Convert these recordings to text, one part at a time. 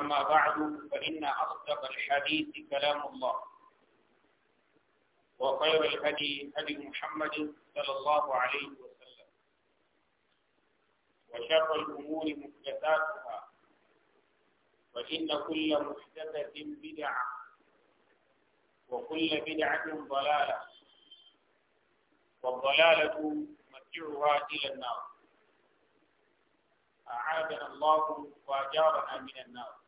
أما بعد فإن أصدق الحديث كلام الله وخير الهدي هدي محمد صلى الله عليه وسلم وشر الأمور محدثاتها فإن كل محدثة بدعة وكل بدعة ضلالة والضلالة مرجعها إلى النار أعاذنا الله وأجارنا من النار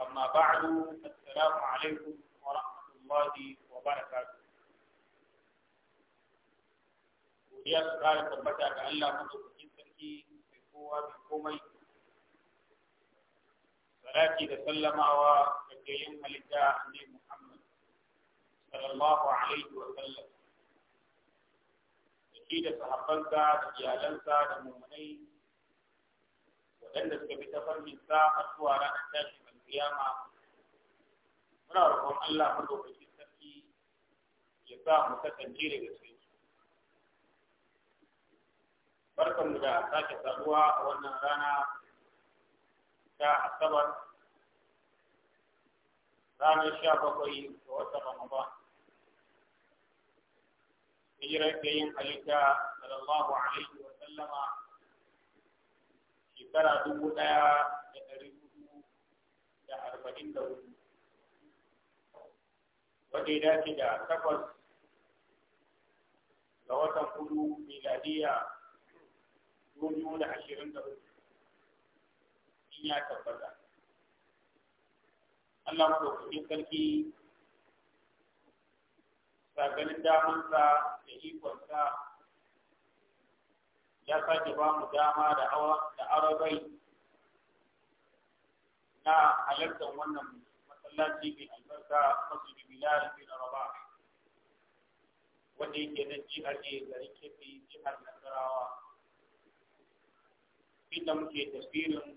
أما بعد السلام عليكم ورحمة الله وبركاته وليا سرالة قربتا كألا مدر وحيد تركي بقوة بقومي سلاتي سلم أوا كجيم ملجا عني محمد صلى الله عليه وسلم كيدا صحبنتا دجالنتا دمومنين ودندس كبتفر من ساعة أسوارا أتاشي kiyama muna roƙon Allah madaukakin sarki ya sa mu kasance daga cikin barkan mu da sake saduwa a wannan rana ta asabar ranar sha bakwai ga watan ramadan hijirar da yin halitta sallallahu alaihi wa sallama shekara dubu ɗaya arba'in da hudu wanda ya dace da takwas ga watan hudu miladiya dubu da ashirin da hudu in ya tabbata Allah maɗaukakin sarki saganin damansa da ikonsa ya sake ba mu dama da arabai na halartar wannan masallaci mai albarka masjid bilal bin raba. wanda yake na jihar ne garin kefi jihar nasarawa inda muke tafsirin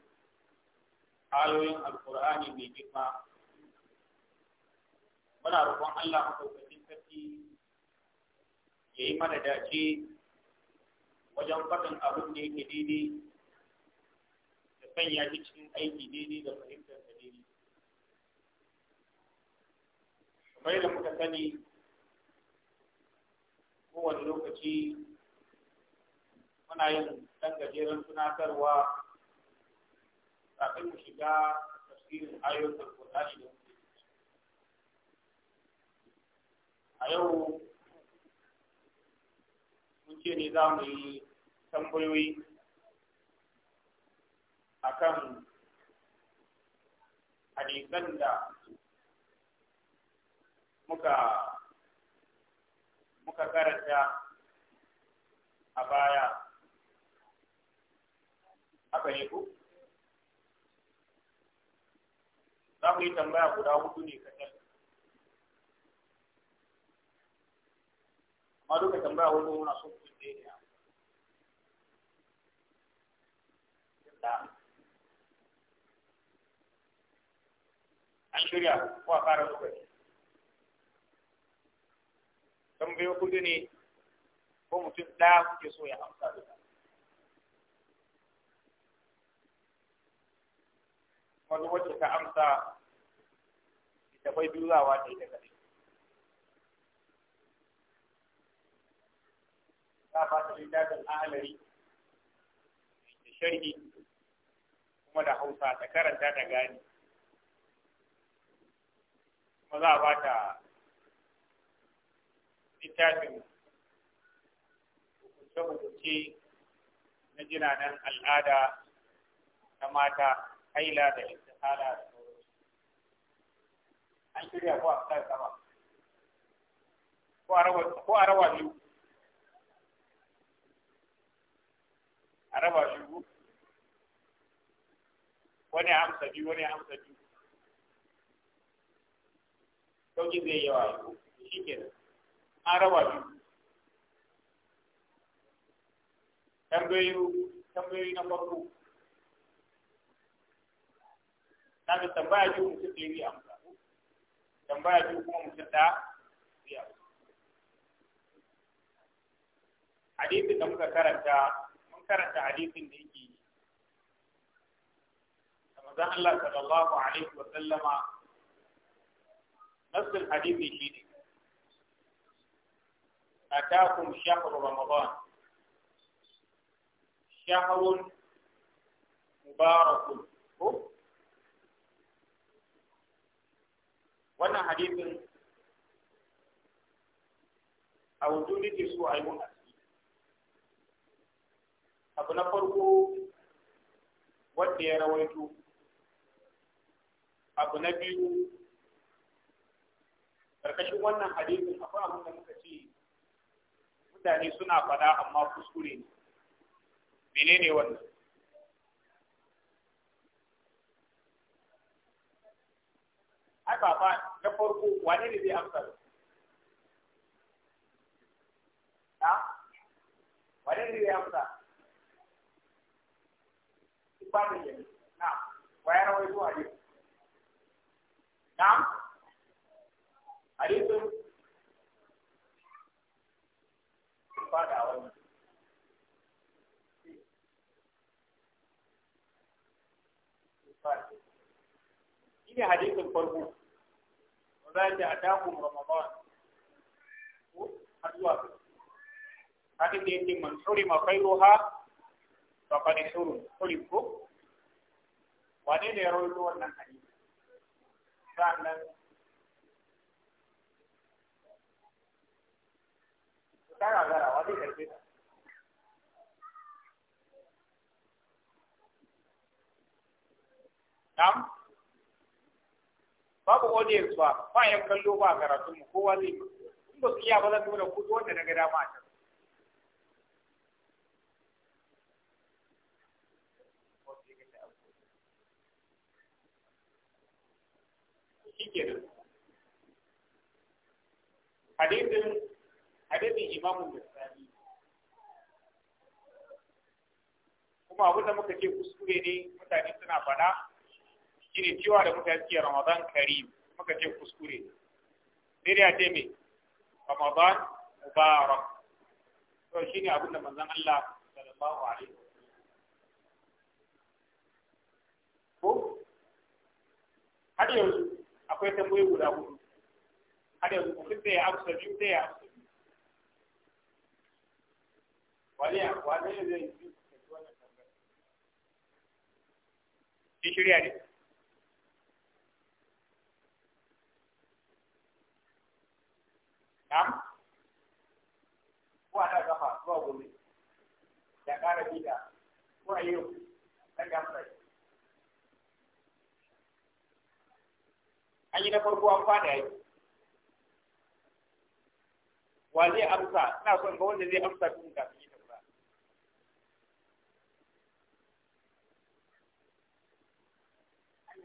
ayoyin alkur'ani mai girma muna roƙon Allah madaukakin sarki ya yi mana dace wajen faɗin abin da yake daidai ya shi cikin aiki daidai da fahimtar da daidai kamar yadda muka sani kowane lokaci muna yin ɗan gajeren tunatarwa kafin mu shiga tafsirin ayoyin alƙur'ani da muke a yau mun ce ne za mu yi tambayoyi akan hadisan da muka muka karanta a baya haka ne ku za mu yi tambaya guda hudu ne kacal amma duka tambaya hudu muna so mutum ɗaya ne da an shirya ko a fara lokaci tambayo kudi ne ko mutum ɗaya kuke so ya amsa duka wani wacce ta amsa ita bai durawa ta ita kaɗai ta fata littafin ahalari da sharhi kuma da hausa ta karanta da gani kuma za a bata littafin hukunce-hukunce na jinanen al'ada na mata haila da istihala da sauransu. an shirya ko a tsar sama ko a raba biyu a raba biyu wani amsa biyu wani amsa biyu sauki zai yawa ya ko shi ke an raba biyu tambayoyi tambayoyi na farko na fi tambaya biyu mutum ɗaya zai amsa tambaya biyu kuma mutum ɗaya zai amsa hadisin da muka karanta mun karanta hadisin da yake da manzon Allah sallallahu alaihi wa sallama nassin hadisi shi ne. A shine atakum shahru ramadan shahrun mubarakun ko wannan hadisin a wujudi ke su a yi mun abu na farko wanda ya rawaito abu na biyu karkashin wannan hadisin akwai abin da muka ce mutane suna faɗa amma kuskure ne menene wannan ai baba fa na farko wane ne zai amsa Da. wane ne zai amsa ba ne na wayar wai zuwa ne na hadisin fada wani shi ne hadisin farko wanda ya ce a dakon ramadan ko har zuwa haka da yake man hurima khairuha faqad hurim hurim ko wane ne ya rawaito wannan hadisi sannan ta gagara wa Babu audience ba, ba yan kallo ba karatun mu kowa zai yi. In ba su iya ba zan nuna kudu wanda na ga dama a can. Shi hadabin imamun nasani kuma abu da muka ce kuskure ne mutane suna faɗa shine cewa da muka suke ramadan karim muka ce kuskure ne sai dai a ce mai ramadan mubarak to ne abin da manzan Allah sallallahu alaihi ko har yanzu akwai tambayoyi guda hudu har yanzu mutum zai amsa biyu zai amsa yi da shirya ne Na'am? Ko ana kafa zuwa gumi? da ƙara bida, ko a yau, ɗan gamsar. An yi na farko an fada yi. Wa zai amsa, ina son ga wanda zai amsa tun kafin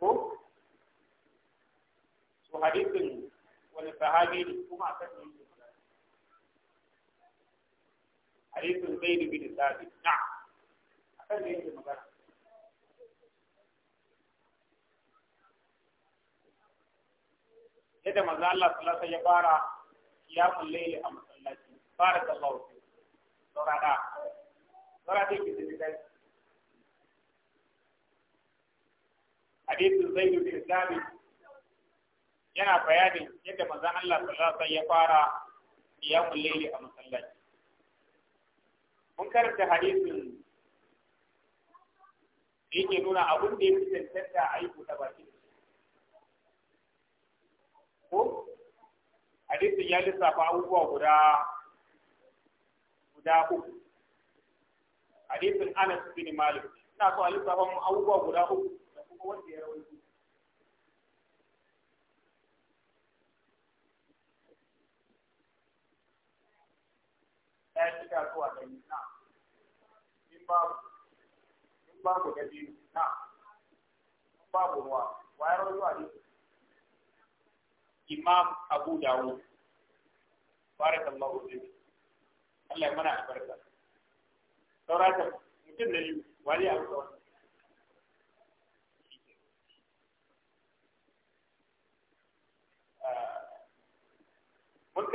ko su hadisin wani sahabi ne kuma a kan yi hadisin zai da bin na a kan da magana yadda maza Allah sallallahu ya fara ya layli a masallaci fara da sallahu saurada saurada yake da hadisin zaidu bin sabit yana bayanin yadda manzon Allah sallallahu alaihi ya fara qiyamul layli a masallaci mun karanta hadisin yake nuna abun da yake fi tantanta a yi baki ko hadisin ya lissafa abubuwa guda guda uku hadisin Anas bin Malik ina so a lissafa abubuwa guda uku kuma wanda ya rawaito ya ci kasuwa zuwa yi na in babu in babu da biyu na in babu ruwa wayar a ne imam abu dawud barakallahu fiik Allah ya mana albarka saurata mutum da yi wali abu dawud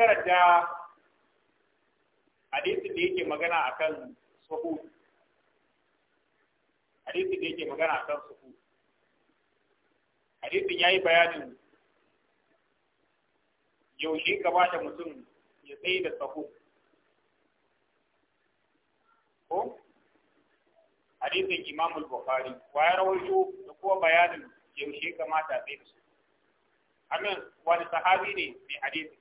karanta hadisin da yake magana akan suhu hadisin da yake magana akan suhu hadisin yayi bayanin yaushe gabata mutum ya tsaye da suhu ko hadisin imam al-bukhari wa ya rawaito da kuma bayanin yaushe mata tsaye da su amin wani sahabi ne mai hadisin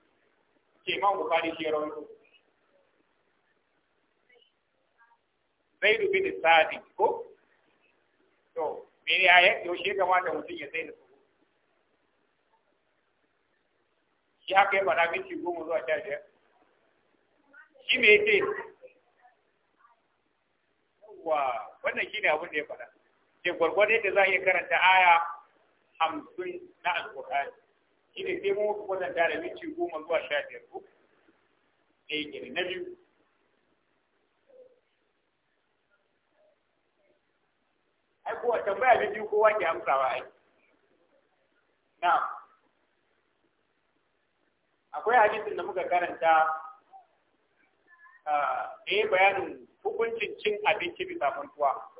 ke man bukari shi rawaito zaidu bin sadi ko to me ne ayat yaushe kamata mutum ya sai da su shi haka ya faɗa minti goma zuwa a biyar shi me yake wa wannan shine abin da ya faɗa ke gwargwado yadda za a iya karanta aya hamsin na alƙur'ani shi ne sai muka kwatanta da minti goma zuwa sha biyar ko ɗaya eh, ne na biyu ai kowa tambaya na biyu kowa ke amsawa ai na akwai hadisin da muka karanta ah, da ya bayanin hukuncin cin abinci bisa mantuwa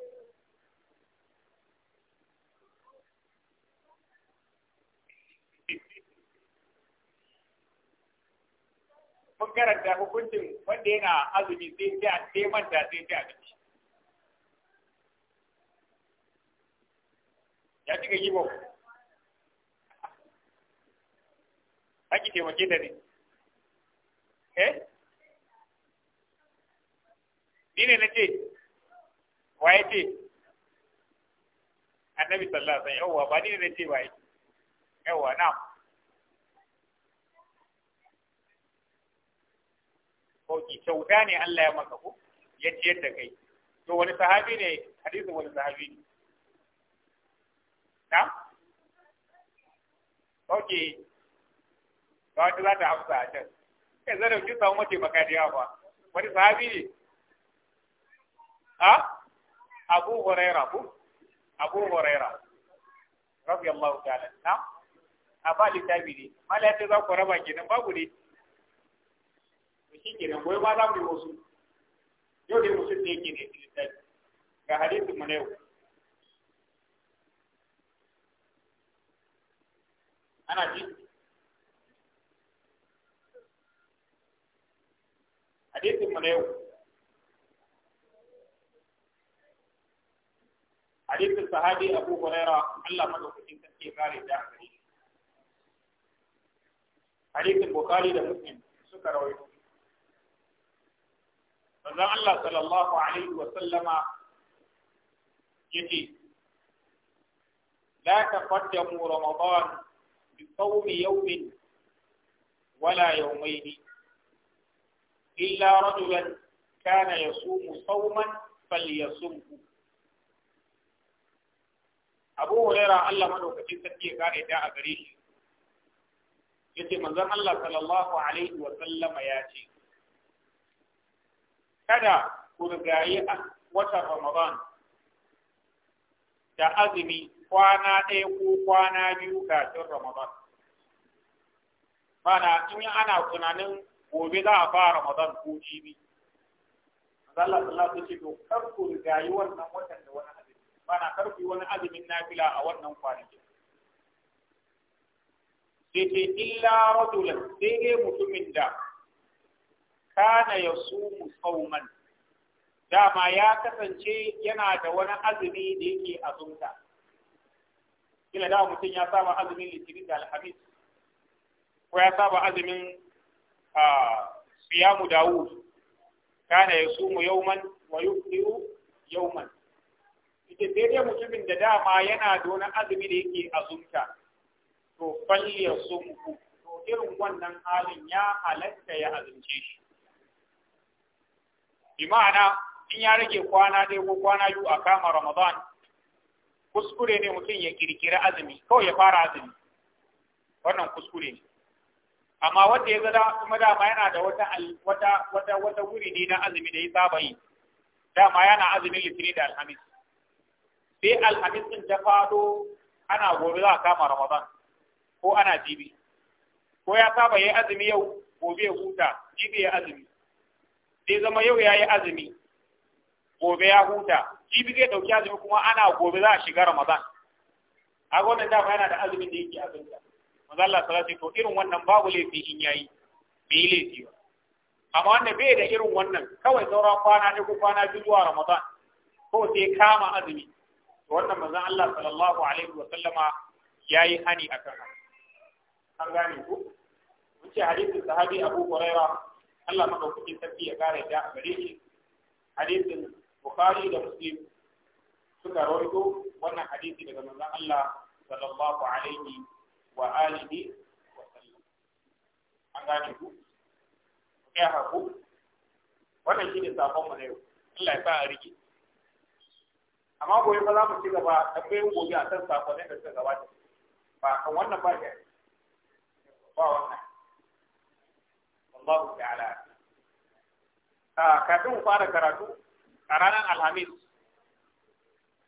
mun karanta hukuncin wanda yana azumi sai sai a sai manta sai sai a ciki ya cika yi ba Aki taimake da ne. Eh? Ni ne na ce, waye ce? Annabi sallallahu alaihi wasallam yawwa ba ni ne na ce waye. Yawwa na'am. sauki kyauta ne Allah ya maka ku ya ciyar da kai to wani sahabi ne hadisin wani sahabi ne na fauki ba wata za ta amsa a can kai zan dauki samu mace baka da yawa wani sahabi ne a ah? abu huraira ko abu huraira radiyallahu ta'ala na a ba littafi ne mala ya ce za ku raba kenan babu ne shi ke nan goyi ma za mu yi wasu yau ke ga hadisin mu ana ji hadisin mu na yau hadisin sahabi abu huraira Allah madaukakin sarki ya kare da gare shi hadisin bukhari da فذا الله صلى الله عليه وسلم يتي لا تقدموا رمضان بصوم يوم ولا يومين إلا رجلا كان يصوم صوما فليصمه أبو هريرة الله من وكتي سكي كان يتاع غريش يتي من الله صلى الله عليه وسلم ياتي kada ku rigayi watan Ramadan da azumi kwana ɗaya ko kwana biyu kafin Ramadan. Mana in ana tunanin gobe za a fara Ramadan ko jibi. Zalla Allah ta ce dokar kar ku rigayi wannan watan da wani azumi. Mana kar ku yi wani azumin nafila a wannan kwanakin. Sai ce illa rajulan sai dai mutumin da kana ya sumu sauman dama ya kasance yana da wani azumi da yake azumta kila da mutum ya saba azumin litinin da alhamis ko ya saba azumin siyamu dawud kana ya yau man, wa yau yauman ita daidai mutumin da dama yana da wani azumi da yake azumta to falli ya ku, to irin wannan halin ya halatta ya azumce shi bi ma'ana in ya rage kwana dai ko kwana biyu a kama ramadan kuskure ne mutum ya kirkira azumi kawai ya fara azumi wannan kuskure ne amma wanda ya zada kuma dama yana da wata wata wata wata wuri ne na azumi da ya saba yi dama yana azumin litinin da alhamis sai alhamis din ta fado ana gobe za a kama ramadan ko ana jibi ko ya saba yi azumi yau gobe ya huta jibi ya azumi sai zama yau ya yi azumi gobe ya huta jibi zai ɗauki azumi kuma ana gobe za a shiga ramadan a wannan dama yana da azumin da yake abinta maza Allah salatu to irin wannan babu laifi in yayi bai laifi ba amma wanda bai da irin wannan kawai sauran kwana ne ko kwana biyu zuwa ramadan ko sai kama azumi to wannan maza Allah sallallahu alaihi wa sallama yayi hani akan haka an gane ku Mun ce hadisin sahabi Abu Hurairah Allah madaukakin sarki ya kare da a gare shi hadisin Bukhari da Muslim suka rawaito wannan hadisi daga manzon Allah sallallahu alaihi wa alihi wa sallam an gane ku ya haku wannan shine sakon mu na yau Allah ya sa a rike amma gobe ba za mu ci gaba bayan gobe a kan sakonnin da suka gabata ba kan wannan ba ba wannan wallahu ta'ala a ah, kafin fara karatu a ranar alhamis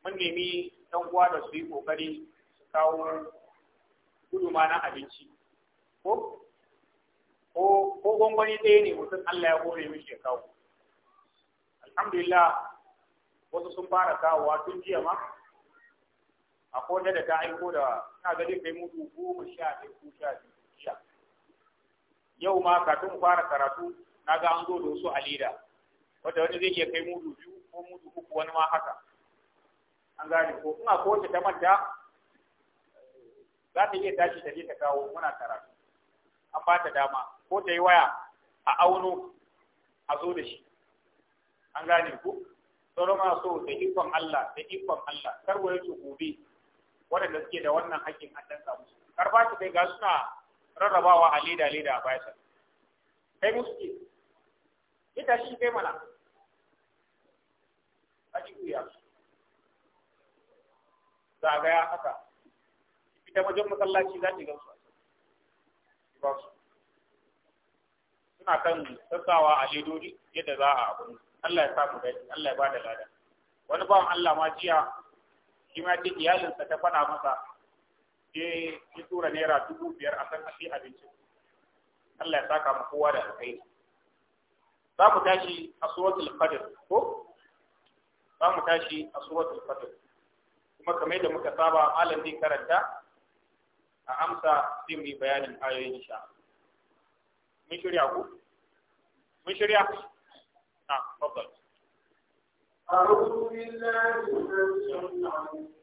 mun nemi ɗan uwa da su yi kokari su kawo guduma na abinci ko ko gwangwani ɗaya ne mutum Allah ya hore mu ya kawo alhamdulillah wasu sun fara kawowa tun jiya ma a da ta aiko da na ga zai kai mutu sha ko sha yau ma kafin fara karatu na ga an zo da wasu alida wanda wani zai iya kai mudu biyu ko mudu uku wani ma haka an gane ko ina ko ta manta za ta iya tashi ta je ta kawo muna karatu an ba ta dama ko ta yi waya a auno a zo da shi an gane ku sauran ma so da ikon Allah da ikon Allah kar su gobe waɗanda suke da wannan haƙƙin an danka samu kar ba su kai ga suna rarrabawa a leda leda a bayan kai muske, ita shi kai mana a Za a zagaya haka ita wajen masallaci za ta gamsu ba su suna kan sassawa a ledodi yadda za a abu Allah ya sa mu dace Allah ya bada lada wani bawan Allah ma jiya shi ma ce iyalinsa ta faɗa masa je ya tura naira dubu biyar a kan ashe abinci. Allah ya saka mu kowa da alkai za mu tashi a suratul qadr ko za mu tashi a suratul qadr kuma kamar da muka saba malam zai karanta a amsa sai mu yi bayanin ayoyin insha mun shirya ku mun shirya na fadal أعوذ بالله من الشيطان الرجيم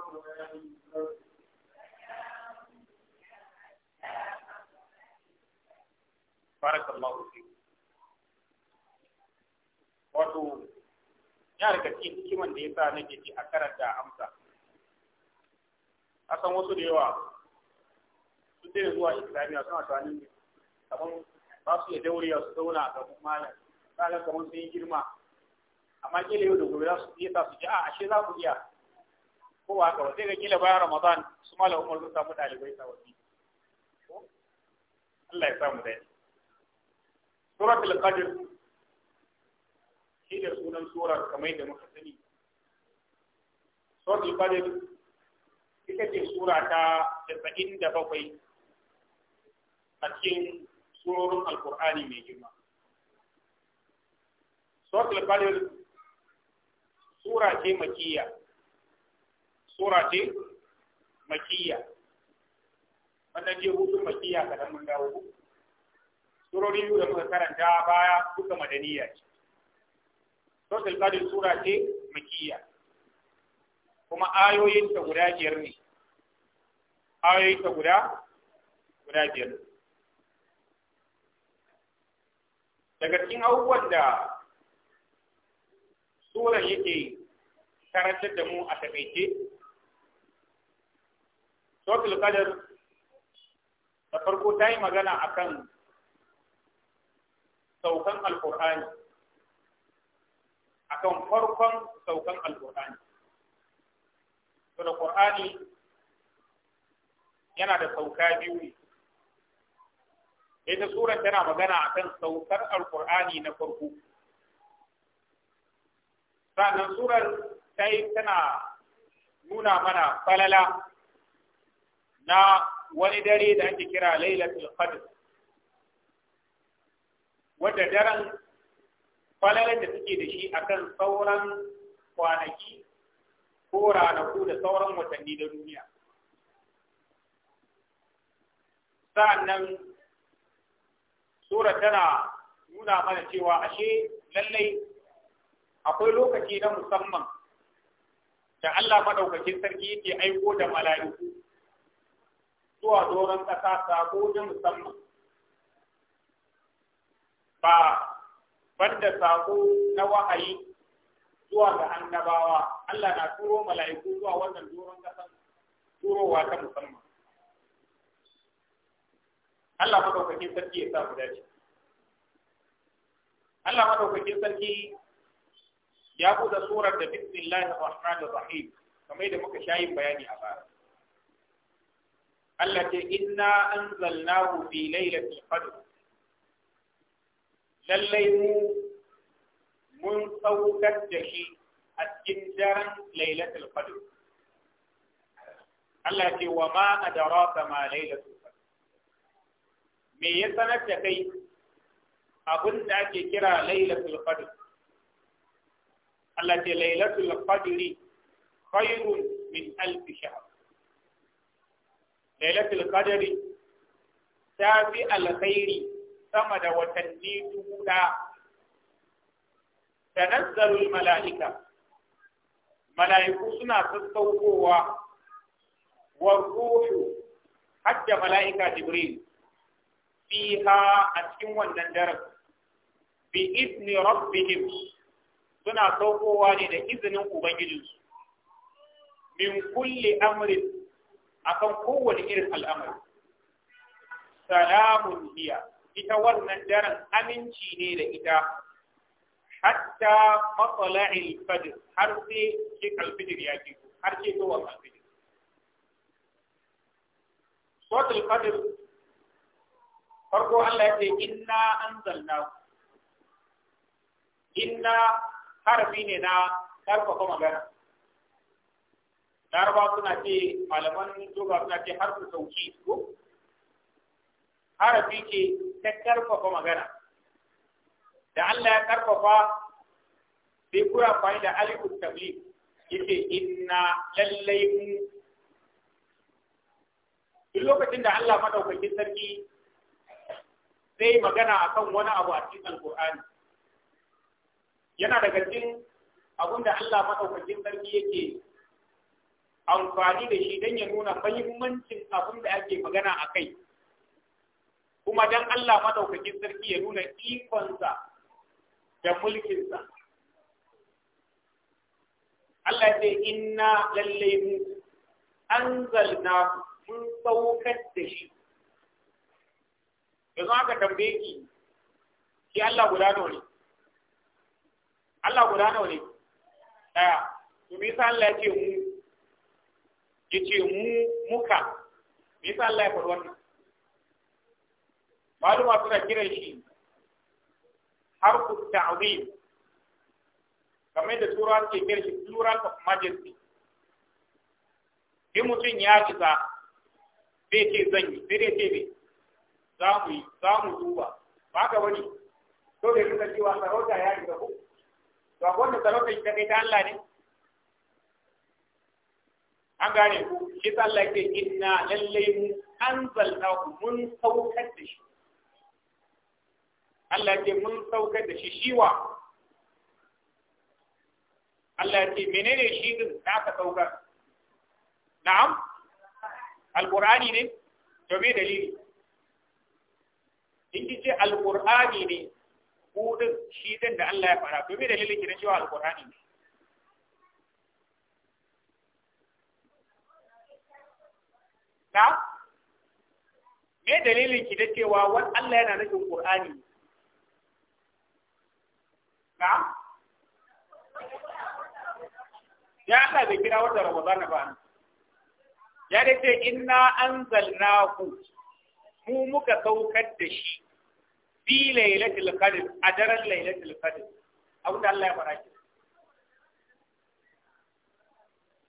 barakallahu fi wato ya daga cikin hikiman da yasa nake ji a karanta amsa san wasu da yawa sun dai zuwa islamiyya suna tunanin kamar ba su iya dauriya su zauna a gaban malam kaga kamar sun yi girma amma kila yau da gobe za su yi sa su ji a ashe za mu iya ko ba haka ba sai ga kila bayan ramadan su malam umar sun samu ɗalibai sababbi Allah ya samu daidai suratul qadr shi da sunan sura kamar da muka sani suratul qadr ita ce sura ta bakwai a cikin surorin alkur'ani mai girma suratul qadr sura ce makiyya sura ce makiyya wannan je hutu makiyya kadan mun dawo surori biyu da muka karanta baya duka madaniya ce Sosil qadir sura ce makiyya kuma ayoyin ta guda biyar ne ayoyin ta guda guda biyar daga cikin abubuwan da suran yake karantar da mu a takaice Sosil qadir da farko ta yi magana akan saukan alkur'ani akan farkon saukan alkur'ani to da qur'ani yana da sauka biyu ne ita suran tana magana akan saukar Alƙur'ani na farko sannan surar ta yi tana nuna mana falala na wani dare da ake kira lailatul qadr wadda daren falalar da suke da shi akan sauran kwanaki ko ranaku da sauran watanni da duniya sa'annan sura tana nuna mana cewa ashe lallai akwai lokaci na musamman da Allah madaukakin sarki yake aiko da mala'iku zuwa doron ƙasa sako na musamman ba banda sako na wahayi zuwa ga annabawa Allah na turo mala'iku zuwa wannan doron kasan turowa ta musamman Allah madaukakin sarki ya sa mu dace Allah madaukakin sarki ya buɗe surar da bismillahir rahmanir rahim kamar da muka shayi bayani a baya Allah ce inna anzalnahu fi lailatul qadr lallai mu mun saukar da shi a cikin daren lailatul qadr Allah ce wa ma adraka ma lailatul qadr me ya sanar da kai abin da ake kira lailatul qadr Allah ce lailatul qadri khairun min alf shahr lailatul qadri ta fi alkhairi sama da watanni dubu da tanazzalul mala'ika mala'iku suna sassaukowa wa ruhu mala'ika jibril fiha a cikin wannan daren bi izni rabbihim suna saukowa ne da izinin ubangijinsu min kulli amrin akan kowane irin al'amari salamun hiya ita wannan daren aminci ne da ita hatta matsala'il fajr har sai ke kalfijir ya ke har ke zuwa kalfijir suratul fajr farko Allah ya ce inna anzalna inna harfi ne na karfafa magana Laraba suna ce malaman duba suna ce harfi sauki ko harafi ke ta karfafa magana da Allah ya karfafa sai kura amfani da alifu tabliq yace inna lallai mu duk lokacin da Allah madaukakin sarki sai magana akan wani abu a cikin alqur'ani yana daga cikin abin da Allah madaukakin sarki yake amfani da shi don ya nuna fahimmancin abin da ake magana a kai kuma dan Allah madaukakin sarki ya nuna ikonsa da mulkinsa Allah ya ce inna lalle mu anzalna mun saukar da shi yanzu aka tambaye ki shi Allah guda nawa ne Allah guda nawa ne daya to me yasa Allah ya ce mu ya ce mu muka me yasa Allah ya faɗi wannan maluma suna kiran shi har ku ta'zim kamar da tura ke kiran shi plural of majesty in mutum ya isa zai ce zan yi sai dai ce ne za mu yi za mu duba ba ka wani to da kuka cewa sarauta ya yi ku to a wanda sarauta ita kai ta Allah ne an gane ku shi Allah ke inna lallai mun anzalna mun saukar da shi Allah ce mun saukar da shi shiwa Allah ce menene shi din da aka saukar na'am alqur'ani ne to me dalili in ki ce alqur'ani ne ko din shi din da Allah ya fara to me dalilin ki na cewa alqur'ani ne na me dalilin ki da cewa wani Allah yana nufin qur'ani ne na ya Allah bai kira wata Ramadana ba ya dai ce inna anzalnahu mu muka saukar da shi fi lailatul qadr a daren lailatul qadr abinda Allah ya fara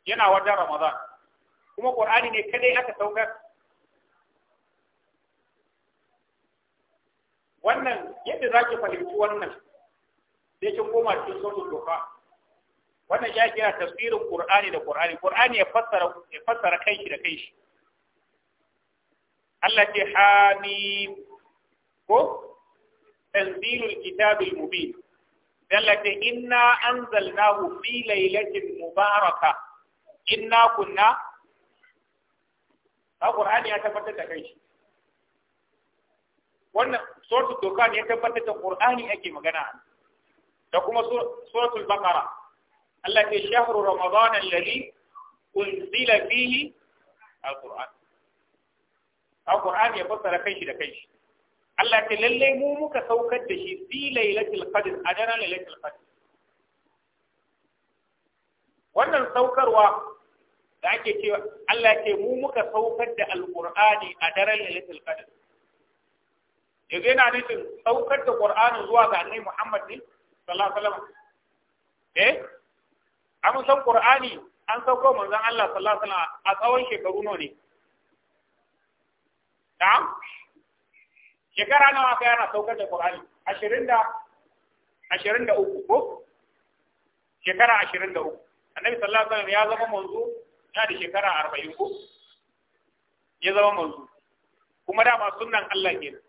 yana wajen Ramadan kuma Qur'ani ne kadai aka saukar wannan yadda zaki fahimci wannan sai kin koma cikin sautin doka wannan ya kira tafsirin qur'ani da qur'ani qur'ani ya fassara ya fassara kanshi da kanshi Allah ce hami ko tanzilul kitabil mubin Allah ce inna anzalnahu fi laylatin mubaraka inna kunna Al-Qur'ani ya tabbatar da kanshi wannan doka ne ya tabbatar da qur'ani ake magana a da kuma suratul baqara Allah ke shahru ramadan alladhi unzila fihi alquran alquran ya fassara kanshi da kanshi Allah ke lalle mu muka saukar da shi fi lailatul a daren wannan saukarwa da ake cewa Allah ke mu muka saukar da alqur'ani a daren lailatul qadr yanzu yana nufin saukar da qur'ani zuwa ga annabi Muhammad ne sallallahu alaihi wasallam eh an san qur'ani an sauko manzon Allah sallallahu alaihi wasallam a tsawon shekaru nawa ne na'am shekara nawa aka yana saukar da qur'ani 20 da 23 ko shekara 23 annabi sallallahu alaihi wasallam ya zama manzo na da shekara 40 ko ya zama manzo kuma da ba sunnan Allah kenan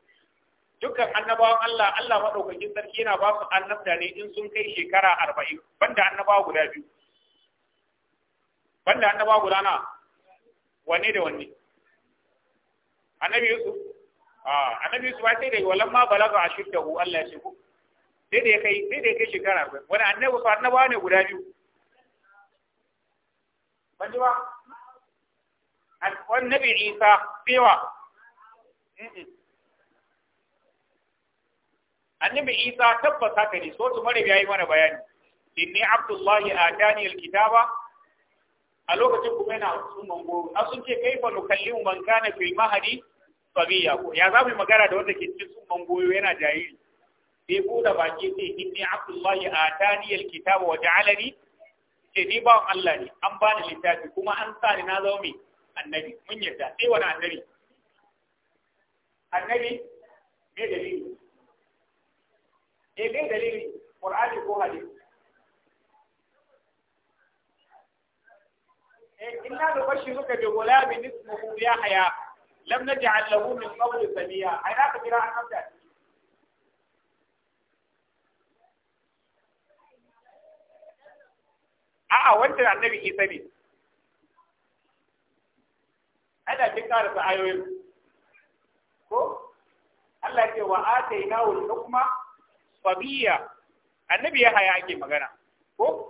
dukkan annabawan Allah Allah madaukakin sarki yana ba su annabta ne in sun kai shekara arba'in banda annabawa guda biyu banda annabawa guda na wanne da wanne annabi Yusuf a annabi Yusuf sai da wallan ma balaga ashiddahu Allah ya shigo sai da kai sai da kai shekara arba'in wani annabi su annabawa ne guda biyu banda ba annabi Isa cewa. annabi isa tabbas haka ne so tumare ya yi mana bayani inni abdullahi atani alkitaba a lokacin kuma yana sun mango a sun ce kai fa nukallimu man kana fil mahadi sabiya ko ya za mu magana da wanda ke cikin sun mango yana jahili sai buɗe baki sai inni abdullahi atani alkitaba wa ja'alani ce ni ba Allah ne an bani littafi kuma an sa ni na zama annabi mun yarda sai wani annabi annabi me dalili لكن إيه دليل قرآن يقول هذه إيه، إنا نبشرك بغلام اسمه يحيى لم نجعل له من قبل سميا حياة كبيرة عن أمدأ آه وانت عن نبي كيساني هذا تكارس آيوين كو الله يقول وآتيناه الحكمة الصبية النبي يحيى أجي مغانا هو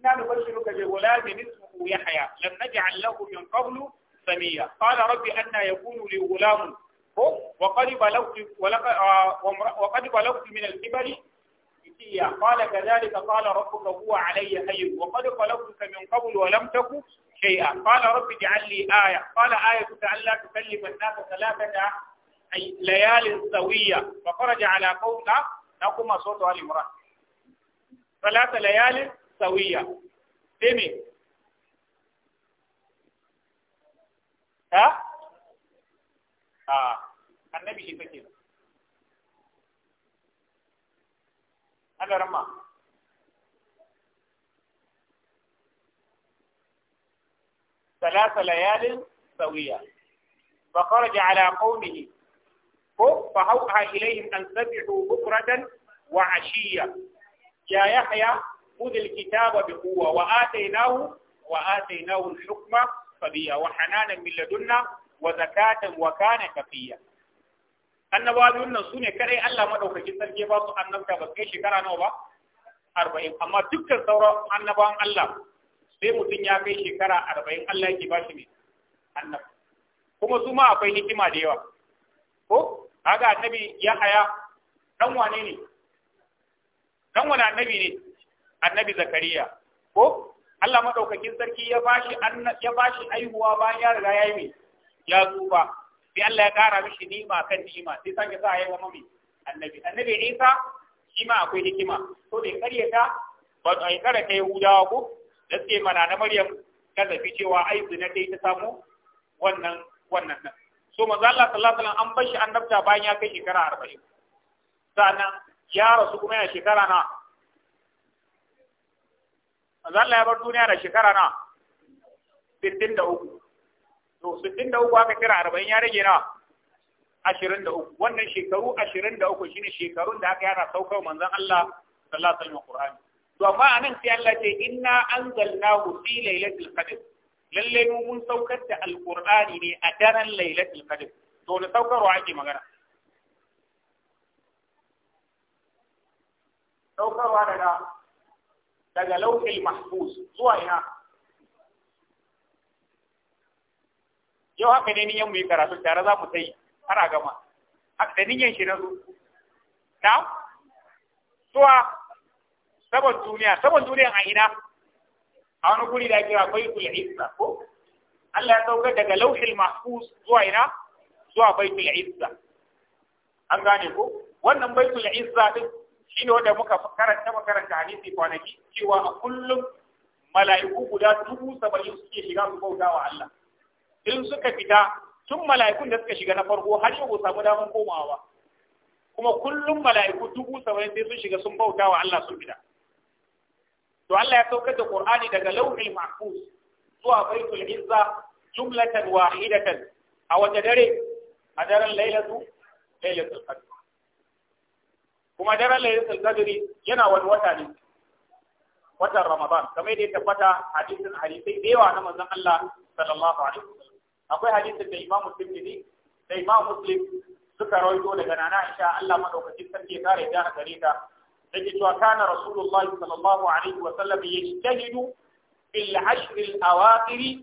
إنا نبشرك بغلام اسمه يحيى لم نجعل له من قبل سمية قال ربي أن يكون لي غلام هو وقد بلغت وقد بلغت من الكبر إتيا قال كذلك قال ربك هو علي خير وقد خلقتك من قبل ولم تك شيئا قال رب اجعل لي آية قال آية تعالى تكلف الناس ثلاثة أي ليال سوية فخرج على قومه نقوم صوت آل إمران ثلاثة ليالي سوية سمي ها ها آه. النبي يتكلم هذا رمى ثلاثة ليالي سوية فخرج على قومه ko fa hauha ilaihim an sabihu bukratan wa ashiya ya yahya خذ الكتاب بقوة وآتيناه وآتيناه Wa صبيا وحنانا من لدنا وزكاة وكان كفيا annabawan nan su ne kadai Allah madaukakin sarki ba su annabta ba kai shekara nawa ba arba'in amma dukkan sauran annabawan Allah sai mutum ya kai shekara arba'in Allah yake ba shi ne annab kuma su ma akwai hikima da yawa kaga annabi ya haya dan wane ne dan wani annabi ne annabi zakariya ko Allah madaukakin sarki ya bashi ya bashi aihuwa bayan ya riga yayi ya tsufa sai Allah ya kara mishi nima kan nima sai sanke sa yayi mami annabi annabi Isa shi akwai hikima to da karyata ba ai kare kai Yahudawa ko da suke mana na Maryam kazafi cewa ai zina ta samu wannan wannan so manzo Allah sallallahu alaihi wasallam an bar shi annabta bayan ya kai shekara 40 sannan ya rasu kuma ya shekara na manzo Allah ya bar duniya da shekara na 63 to 63 aka kira 40 ya rage na 23 wannan shekaru 23 shine shekarun da aka yana saukar manzon Allah sallallahu alaihi wasallam Qur'ani to amma anan sai Allah ce inna anzalnahu fi lailatul qadr lalle mu mun saukar da alqur'ani ne a daren lailatul qadr to ne saukarwa ake magana saukarwa daga daga lauhil mahfuz zuwa ina yau haka ne niyan mu yi karatu tare za mu sai a gama haka da niyan shi na zo na zuwa saban duniya saban duniya a ina a wani guri da kira baitul izza ko Allah ya saukar daga lauhil mahfuz zuwa ina zuwa baitul izza an gane ko wannan baitul izza din shine wanda muka karanta muka karanta hadisi kwanaki cewa a kullum mala'iku guda dubu saba'in suke shiga su bauta wa Allah in suka fita tun mala'ikun da suka shiga na farko har yau ba samu damar komawa kuma kullum mala'iku dubu saba'in sai sun shiga sun bauta wa Allah sun fita to Allah ya saukar da Qur'ani daga lauhi mahfuz zuwa baitul izza jumlatan wahidatan a wata dare a daren lailatu lailatul qadr kuma daren lailatul qadri yana wani wata ne watan Ramadan kamar yadda ya tabbata hadisin hadisai da yawa na manzon Allah sallallahu alaihi wasallam akwai hadisin da Imam ne, da Imam Muslim suka rawaito daga Nana Aisha Allah madaukakin sarki ya kare ta gare ta yake cewa kana rasulullahi sallallahu alaihi wa sallam yajtahidu fil ashr al awakhir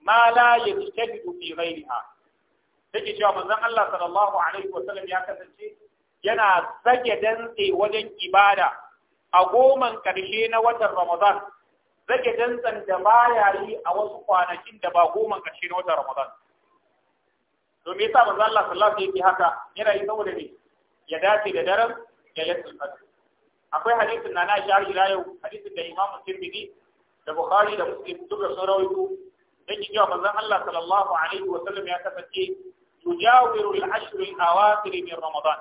ma la yajtahidu fi ghayriha yake cewa manzon Allah sallallahu alaihi wa sallam ya kasance yana zage dantse wajen ibada a goman karshe na watan Ramadan zage dantsan da baya yi a wasu kwanakin da ba goman karshe na watan Ramadan to me yasa manzon Allah sallallahu alaihi wa sallam yake haka yana yi saboda me ya dace da daren da lailatul qadr akwai hadisin na na shi ila yau hadisin da imamu tirmidhi da bukhari da muslim da sun rawaito dan ki cewa manzon Allah sallallahu alaihi wa sallam ya kasance yujawiru al-ashr al-awakhir min ramadan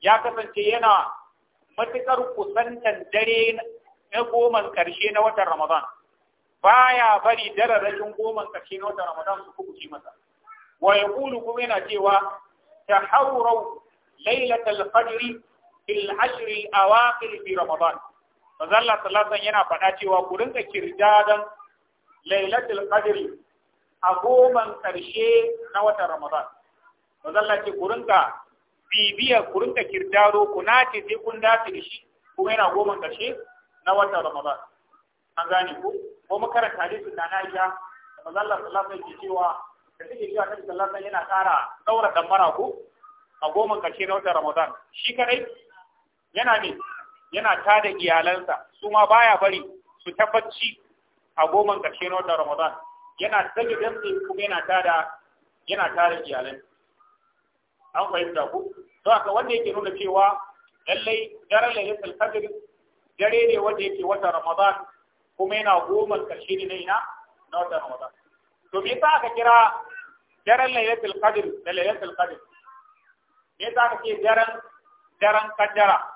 ya kasance yana matukar kusantan dare na goman karshe na watan ramadan baya bari dararrakin goman karshe na watan ramadan su kubuce masa wa yaqulu kuma yana cewa tahawru lailatul qadri fil ashr al fi ramadan manzo Allah sallallahu yana faɗa cewa ku rinka kirdadan lailatul qadr a goman karshe na watan ramadan manzo ce ku rinka bibiya ku rinka kirdaro ku nace sai kun dace da shi kuma yana goman karshe na watan ramadan an gane ku ko makaranta hadisin da na Aisha manzo Allah sallallahu alaihi cewa da take cewa Annabi sallallahu yana ƙara daura dan mara ku. a goma karshe na watan Ramadan shi kadai yana ne yana tada iyalansa su ma baya bari su tabbaci a goman ƙarshe na watan Ramadan yana daga damtse kuma yana tada yana da iyalan an fahimta ku to aka wanda yake nuna cewa lallai daren lailatul qadr dare ne wanda yake watan Ramadan kuma yana goman ƙarshe ne na ina na watan Ramadan to me yasa aka kira daren lailatul qadr da lailatul qadr me yasa aka ce daren daren kaddara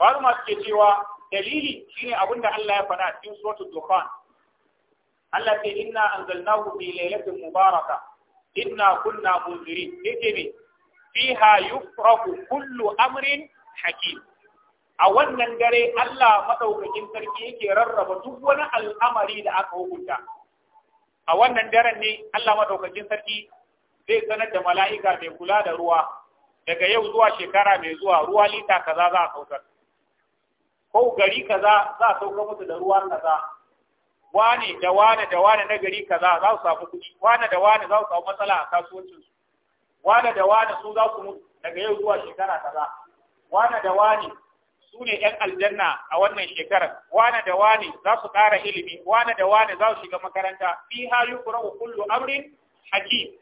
maluma suke cewa dalili shine abinda Allah ya faɗa cikin suratul dukhan Allah ce inna anzalnahu fi mubaraka inna kunna munzirin yake ne fiha yufraku kullu amrin hakim a wannan dare Allah maɗaukakin sarki yake rarraba duk wani al'amari da aka hukunta. A wannan daren ne Allah maɗaukakin sarki zai sanar da mala'ika mai kula da ruwa daga yau zuwa shekara mai zuwa ruwa lita kaza za a kautar. ko gari kaza za a sauka musu da ruwan kaza wane da wane da wane na gari kaza za su samu kuɗi wane da wane za su samu matsala a kasuwancin su wane da wane su za su mutu daga yau zuwa shekara kaza wane da wane su ne ‘yan aljanna a wannan shekarar, wane da wane za su ƙara ilimi, wane da wane za su shiga makaranta, fi ha yi kura wa kullu amri haji,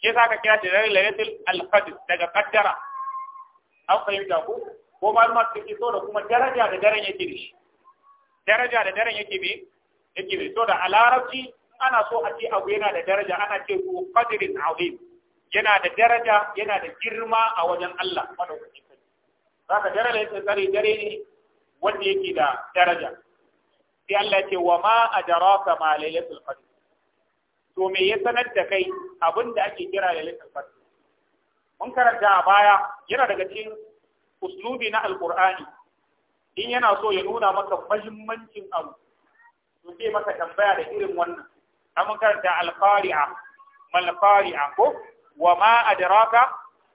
ke sa ka kira da lalatul alqadr daga kaddara. An fahimta ku? ko malama suke so da kuma daraja da daren yake da shi daraja da daren yake bi yake bi to da a larabci ana so a ce abu yana da daraja ana ce ku qadirin azim yana da daraja yana da girma a wajen Allah madaukakin sarki zaka daraja ne tsare dare ne wanda yake da daraja sai Allah ce wa ma adraka ma laylatul qadr to me ya sanar da kai abinda ake kira laylatul qadr mun karanta a baya yana daga cikin uslubi na alqur'ani in yana so ya nuna maka mahimmancin abu to sai maka tambaya da irin wannan amma karanta alqari'a mal qari'a ko wa ma adraka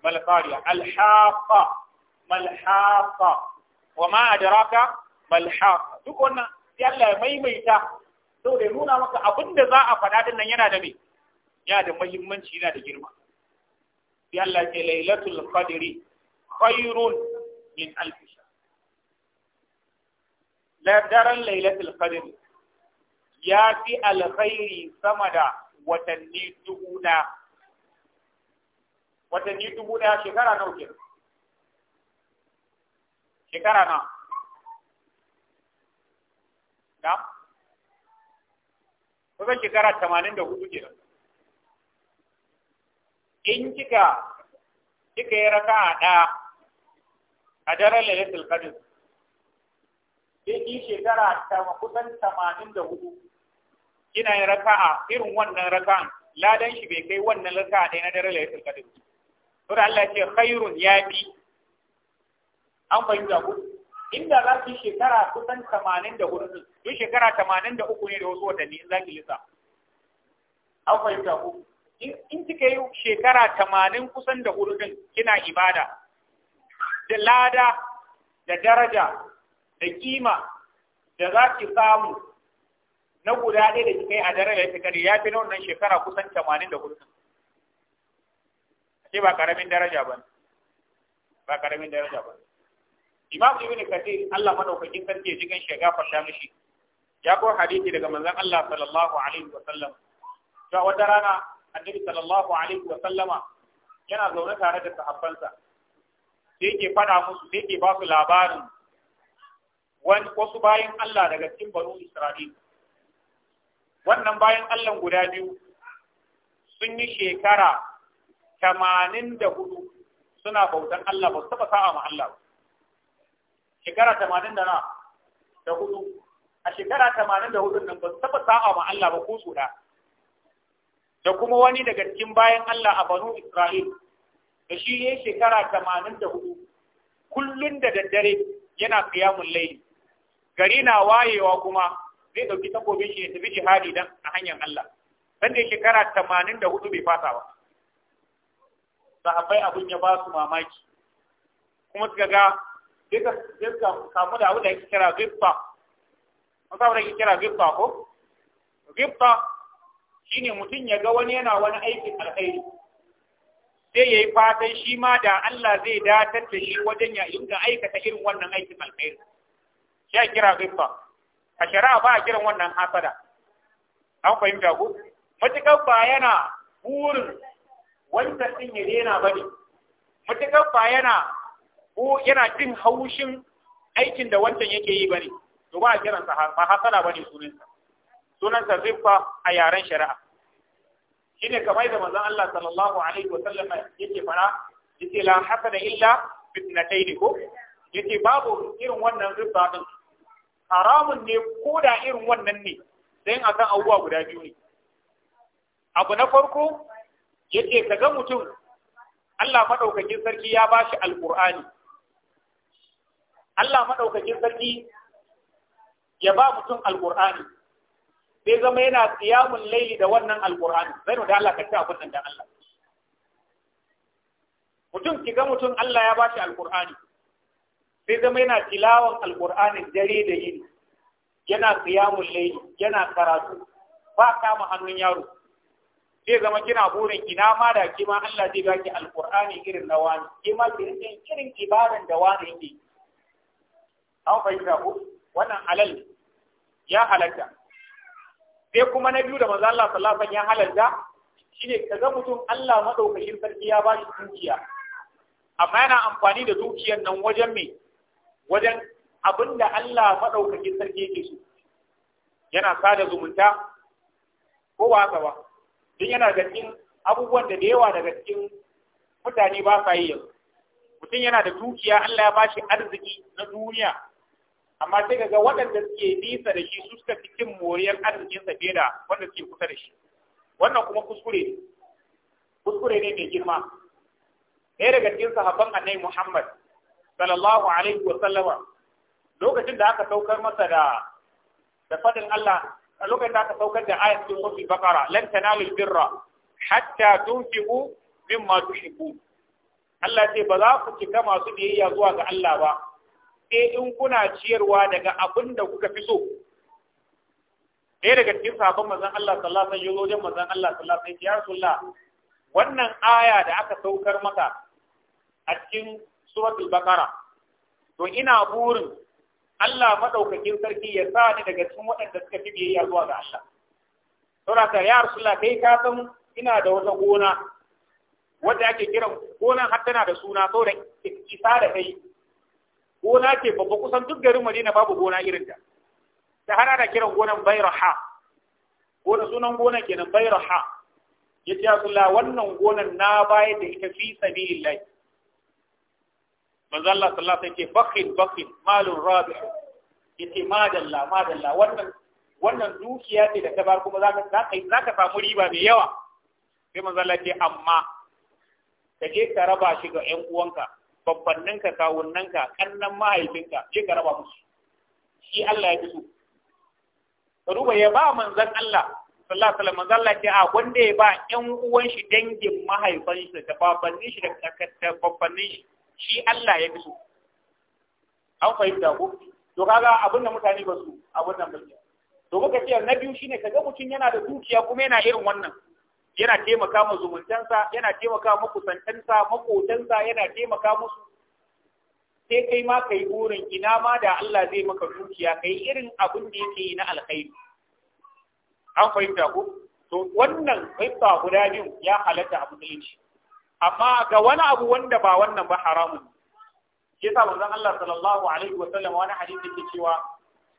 mal qari'a al haqa mal haqa wa ma adraka mal haqa duk wannan yalla ya maimaita saboda ya nuna maka abinda za a faɗa din nan yana da me yana da muhimmanci yana da girma Yalla Allah ya ce lailatul qadri khairun min alfi shahr daren lailatul qadr ya fi alkhairi sama da watanni dubu da watanni dubu da shekara nawa ke shekara na da kusan shekara tamanin da hudu ke in kika kika yi raka'a ɗaya a daren lailatul qadr sai ki shekara ta kusan hudu kina yin raka'a irin wannan raka'an ladan shi bai kai wannan raka'a ɗaya na daren lailatul qadr to da Allah ce khairun yafi an fahimta ku inda za ki shekara kusan da hudu to shekara uku ne da wasu watanni in za ki lissa an fahimta ku in kika yi shekara 80 kusan da hudu kina ibada da lada da daraja da kima da za ki samu na guda ɗaya da kika yi a daraja ya shekari ya fi na wannan shekara kusan tamanin da kusan. ce ba karamin daraja ba ba karamin daraja ba imam ibn kathir Allah madaukakin sarki ya gan shiga fasha mishi ya ko hadisi daga manzon Allah sallallahu alaihi wa sallam to wata rana annabi sallallahu alaihi wa sallama yana zaune tare da sahabbansa sai ke faɗa musu sai ke ba su labarin wani wasu bayan Allah daga cikin banu Isra'il wannan bayan Allah guda biyu sun yi shekara tamanin da hudu suna bautan Allah ba su taɓa sa'a ma Allah ba shekara tamanin da na da hudu a shekara tamanin da nan ba su taɓa sa'a ma Allah ba ko su da da kuma wani daga cikin bayan Allah a banu Isra'il da shi ne shekara tamanin da hudu kullum da daddare yana kiyamun laili gari na wayewa kuma zai ɗauki takobin shi ya tafi jihadi dan a hanyar Allah dan da shekara tamanin da hudu bai fasa ba sahabbai abin ya ba su mamaki kuma suka ga duka samu da abu da ake kira gifta an samu da ake kira gifta ko gifta shine mutum ya ga wani yana wani aikin alkhairi sai ya yi fatan shi ma da Allah zai datar da shi wajen ya inga aikata irin wannan aikin alkhairi Sai a kira ghibba a shara'a ba a kiran wannan hasada an fahimta ku matukar ba yana burin wancan ɗin ya daina ba ne matukar ba yana ko yana jin haushin aikin da wancan yake yi ba ne to ba a kiransa ba hasada ba ne sunansa sunansa ghibba a yaren shari'a shi ne kamar da manzon Allah sallallahu alaihi wa sallam yake fara yake la hasada illa fitnatayn ko yake babu irin wannan riba din haramun ne ko da irin wannan ne sai akan abuwa guda biyu ne abu na farko yace kaga mutum Allah madaukakin sarki ya bashi alqur'ani Allah madaukakin sarki ya ba mutum alqur'ani sai zama yana tsiyamun laili da wannan alkur'ani zai da Allah ka ci abin nan da Allah mutum ki ga mutum Allah ya bashi alkur'ani sai zama yana tilawan alkur'ani dare da yini yana tsiyamun laili yana karatu ba kama hannun yaro zai zama kina burin ina ma da kima Allah zai baki alkur'ani irin na wani kima irin irin ibadan da wani yake an fahimta ko wannan halal ya halatta sai kuma na biyu da maza Allah sallallahu alaihi wasallam ya halalta shine kaga mutum Allah madaukakin sarki ya bashi dukiya amma yana amfani da dukiyar nan wajen me wajen abinda Allah madaukakin sarki yake so yana sada zumunta ko ba haka ba din yana da cikin abubuwan da da yawa daga cikin mutane ba sa yi yanzu mutum yana da dukiya Allah ya bashi arziki na duniya amma sai ga waɗanda suke nisa da shi suka fi cin moriyar arzikin sa fiye da wanda suke kusa da shi wannan kuma kuskure ne kuskure ne mai girma ɗaya daga cikin sahabban annabi Muhammad sallallahu alaihi wa sallama lokacin da aka saukar masa da da fadin Allah a lokacin da aka saukar da ayat cikin sura Baqara lan tanalul birra hatta tunfiqu mimma tuhibbu Allah ce ba za ku cika masu biyayya zuwa ga Allah ba sai in kuna ciyarwa daga abin da kuka fi so ɗaya daga cikin sabon mazan Allah sallallahu alaihi wasallam wajen mazan Allah sallallahu alaihi wasallam ya rasulullah wannan aya da aka saukar maka a cikin suratul baqara to ina burin Allah madaukakin sarki ya sa ni daga cikin waɗanda suka fi biyayya zuwa ga Allah saboda ya rasulullah kai ka san ina da wata gona wanda ake kiran gonan har tana da suna saboda isa da kai gona ce babba kusan duk garin Madina babu gona irin ta ta hana da kiran gonan Bayraha gona sunan gona kenan Bayraha yace Abdullah wannan gonan na baya da ita fi sabilillah manzo Allah sallallahu alaihi wasallam yake bakhin bakhin malun rabih yace madalla madalla wannan wannan dukiya ce da ta bar kuma zaka zaka zaka samu riba mai yawa sai manzo Allah yake amma ka je ka raba shi ga ƴan uwanka babbanninka kawunnanka kannan mahaifinka je ka raba musu shi Allah ya fi so ka duba ya ba manzon Allah sallallahu alaihi wasallam manzon Allah ce a wanda ya ba ƴan uwan shi dangin mahaifan shi da babannin shi da babbannin shi shi Allah ya fi so an fahimta ko to kaga abin da mutane ba su abin da ba to kuka ce na biyu shine kaga mutum yana da dukiya kuma yana irin wannan yana taimaka ma zumuntansa yana taimaka ma kusantansa makotansa yana taimaka musu sai kai ma kai burin ina ma da Allah zai maka dukiya kai irin abin da yake yi na alkhairi an fahimta ku to wannan fahimta guda biyu ya halatta a shi. amma ga wani abu wanda ba wannan ba haramun ke sa manzon Allah sallallahu alaihi wa sallam wani hadisi ke cewa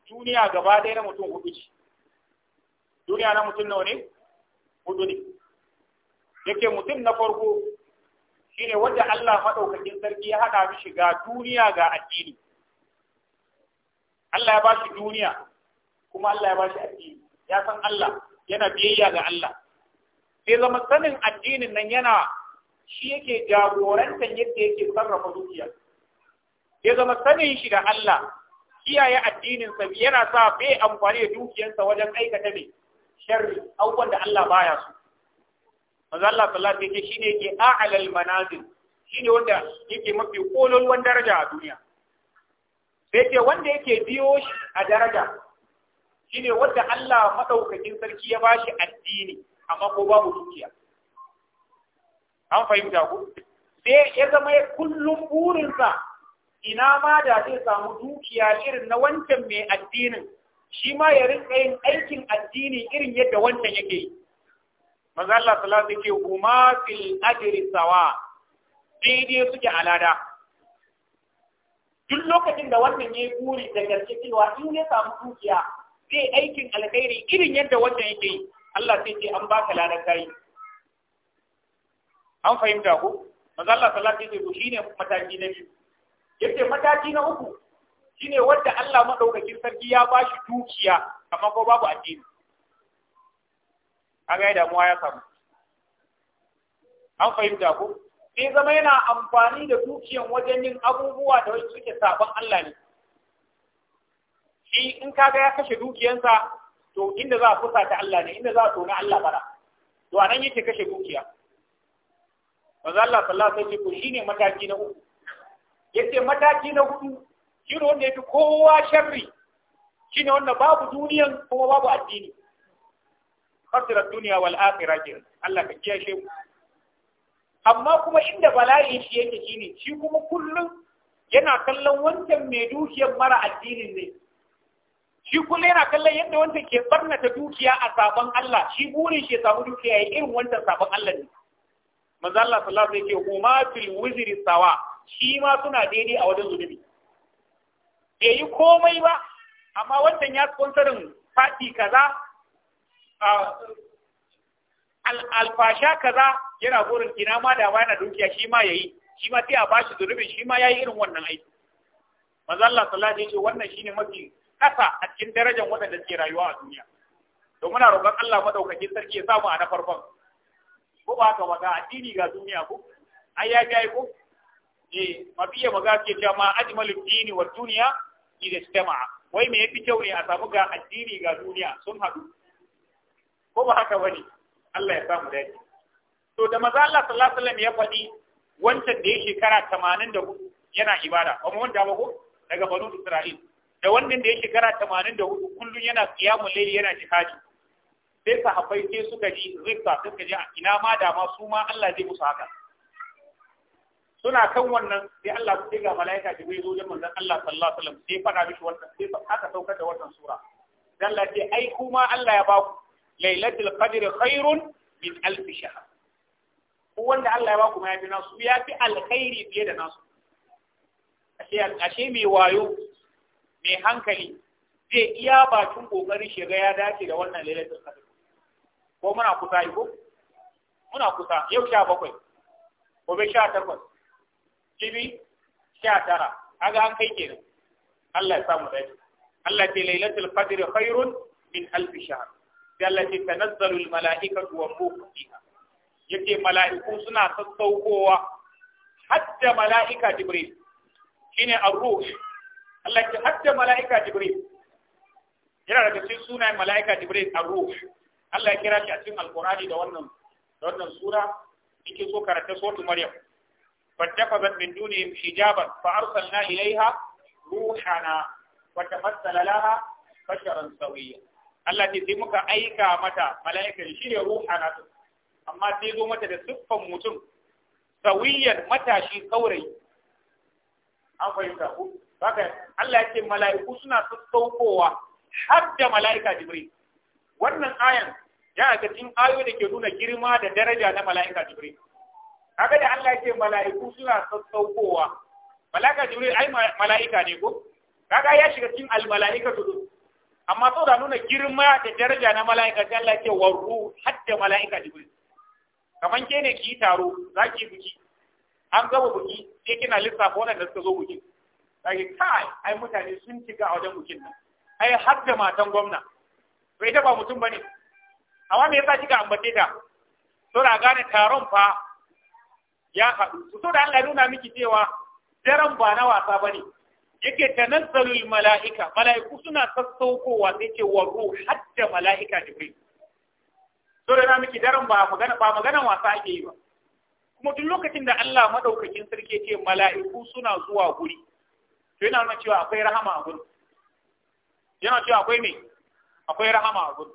duniya gaba ɗaya na mutum hudu ce duniya na mutum nawa ne hudu ne yake mutum na farko shine wanda Allah maɗaukakin sarki ya hada mishi ga duniya ga addini Allah ya bashi duniya kuma Allah ya bashi addini ya san Allah yana biyayya ga Allah sai zama sanin addinin nan yana shi yake jagorantar yadda yake sarrafa zuciya ya zama sanin shi da Allah kiyaye addininsa yana sa bai amfani da dukiyarsa wajen aikata mai sharri abubuwan da Allah baya su manzo Allah sallallahu alaihi wasallam shine yake a'lal manazil shine wanda yake mafi kololuwan daraja a duniya sai yake wanda yake biyo shi a daraja shine wanda Allah madaukakin sarki ya bashi addini amma ko babu dukiya an fahimta ku sai ya zama kullum burinsa ina ma da zai samu dukiya irin na wancan mai addinin shi ma ya rinka yin aikin addini irin yadda wancan yake yi manzo Allah sallallahu alaihi wasallam huma fil ajri sawa daidai suke alada duk lokacin da wannan yayi buri da garke cewa in ya samu dukiya zai aikin alkhairi irin yadda wannan yake Allah sai ce an baka ladan kai an fahimta ko manzo Allah sallallahu alaihi wasallam shine mataki na biyu yace mataki na uku shine wanda Allah madaukakin sarki ya bashi dukiya amma ko babu addini aga da damuwa ya samu an fahimta ku sai zama yana amfani da dukiyan wajen yin abubuwa da wasu suke sabon Allah ne shi in kaga ya kashe dukiyansa to inda za a fusa ta Allah ne inda za a tona Allah bara to anan yake kashe dukiya manzo Allah sallallahu alaihi wasallam ko shine mataki na uku yace mataki na hudu ne wanda yake kowa sharri shine wanda babu duniyan kuma babu addini fasira duniya wal akhirah ke Allah ka kiyaye mu amma kuma inda bala'i shi yake shine shi kuma kullum yana kallon wancan mai dukiyar mara addinin ne shi kullum yana kallon yadda wanda ke barnata dukiya a sabon Allah shi burin shi ya samu dukiya ya irin wancan sabon Allah ne manzo Allah sallallahu alaihi wasallam yake huma fil wizri sawa shi ma suna daidai a wajen zunubi bai yi komai ba amma wancan ya sponsorin fati kaza alfasha kaza yana gurin ina ma da ba yana dukiya shi ma yayi shi ma sai a bashi zunubin shi ma yayi irin wannan aiki manzo Allah sallallahu alaihi wasallam wannan shine mafi kasa a cikin darajar wadanda suke rayuwa a duniya to muna roƙon Allah madaukakin sarki ya samu a na farkon ko ba ka maga addini ga duniya ko ai ya ga ko eh mafiya maga ke cewa ma ajmalu dini wa duniya idan istama'a wai me yafi kyau ne a samu ga addini ga duniya sun haɗu ba haka bane Allah ya sa mu dace to da maza Allah sallallahu alaihi wasallam ya faɗi wancan da ya shekara 84 yana ibada amma wanda ba ko daga banu Isra'il da wannan da ya shekara 84 kullun yana qiyamul layl yana jihadi sai sahabbai sai suka ji rifa suka ji ina ma da ma su ma Allah zai musu haka suna kan wannan sai Allah sai ga malaika bai zo da manzon Allah sallallahu alaihi wasallam sai fada mishi wannan sai aka saukar da wannan sura dan Allah ce ai kuma Allah ya baku lailatul khairun min alf shahr ko wanda Allah ya ba ku mayafi nasu ya fi alkhairi fiye da nasu ashe mai wayo mai hankali zai iya bakin kokarin shiga ya dace da wannan lailatul qadr ko muna kusa yi ko muna kusa yau sha bakwai gobe sha takwas jibi sha tara kaga an kai Allah ya samu dace Allah ya ce khairun dallati tanazzalu almalaikatu wa ruhu fiha yake mala'iku suna sassaukowa hadda mala'ika jibril shine ar-ruh Allah ya hadda mala'ika jibril yana da cikin sunayen mala'ika jibril ar-ruh Allah ya kira shi a cikin alqur'ani da wannan da wannan sura yake so karanta suratu maryam فاتخذت من دونهم حجابا فارسلنا اليها روحنا وتمثل لها بشرا سويا Allah ce sai muka aika mata mala'ika shi ne ruhana amma sai zo mata da siffan mutum sawiyan matashi saurayi an fahimta ku haka Allah ya ce mala'iku suna sassaukowa har da mala'ika Jibril wannan ayan ya ga cin ayo da ke nuna girma da daraja na mala'ika Jibril Kaga da Allah ya ce mala'iku suna sassaukowa mala'ika Jibril ai mala'ika ne ko kaga ya shiga cin al-mala'ikatu amma da nuna girma da daraja na mala'ika sai Allah ce wa hadda mala'ika jibril kaman ke ne ki taro za ki buki an gaba buki sai kina lissafa da suka zo bukin sai kai ai mutane sun shiga a wajen bukin nan ai hadda matan gwamna bai da ba mutum bane amma me yasa kika ambace ta da gane taron fa ya haɗu su so da Allah nuna miki cewa daren ba na wasa bane yake tanazzalul mala'ika mala'iku suna sassaukowa sai ce wa ruh hadda mala'ika jibril so da miki daren ba magana ba magana wasa ake yi ba kuma duk lokacin da Allah madaukakin sarki ce mala'iku suna zuwa guri to yana nuna cewa akwai rahama a gurin yana cewa akwai me akwai rahama a gurin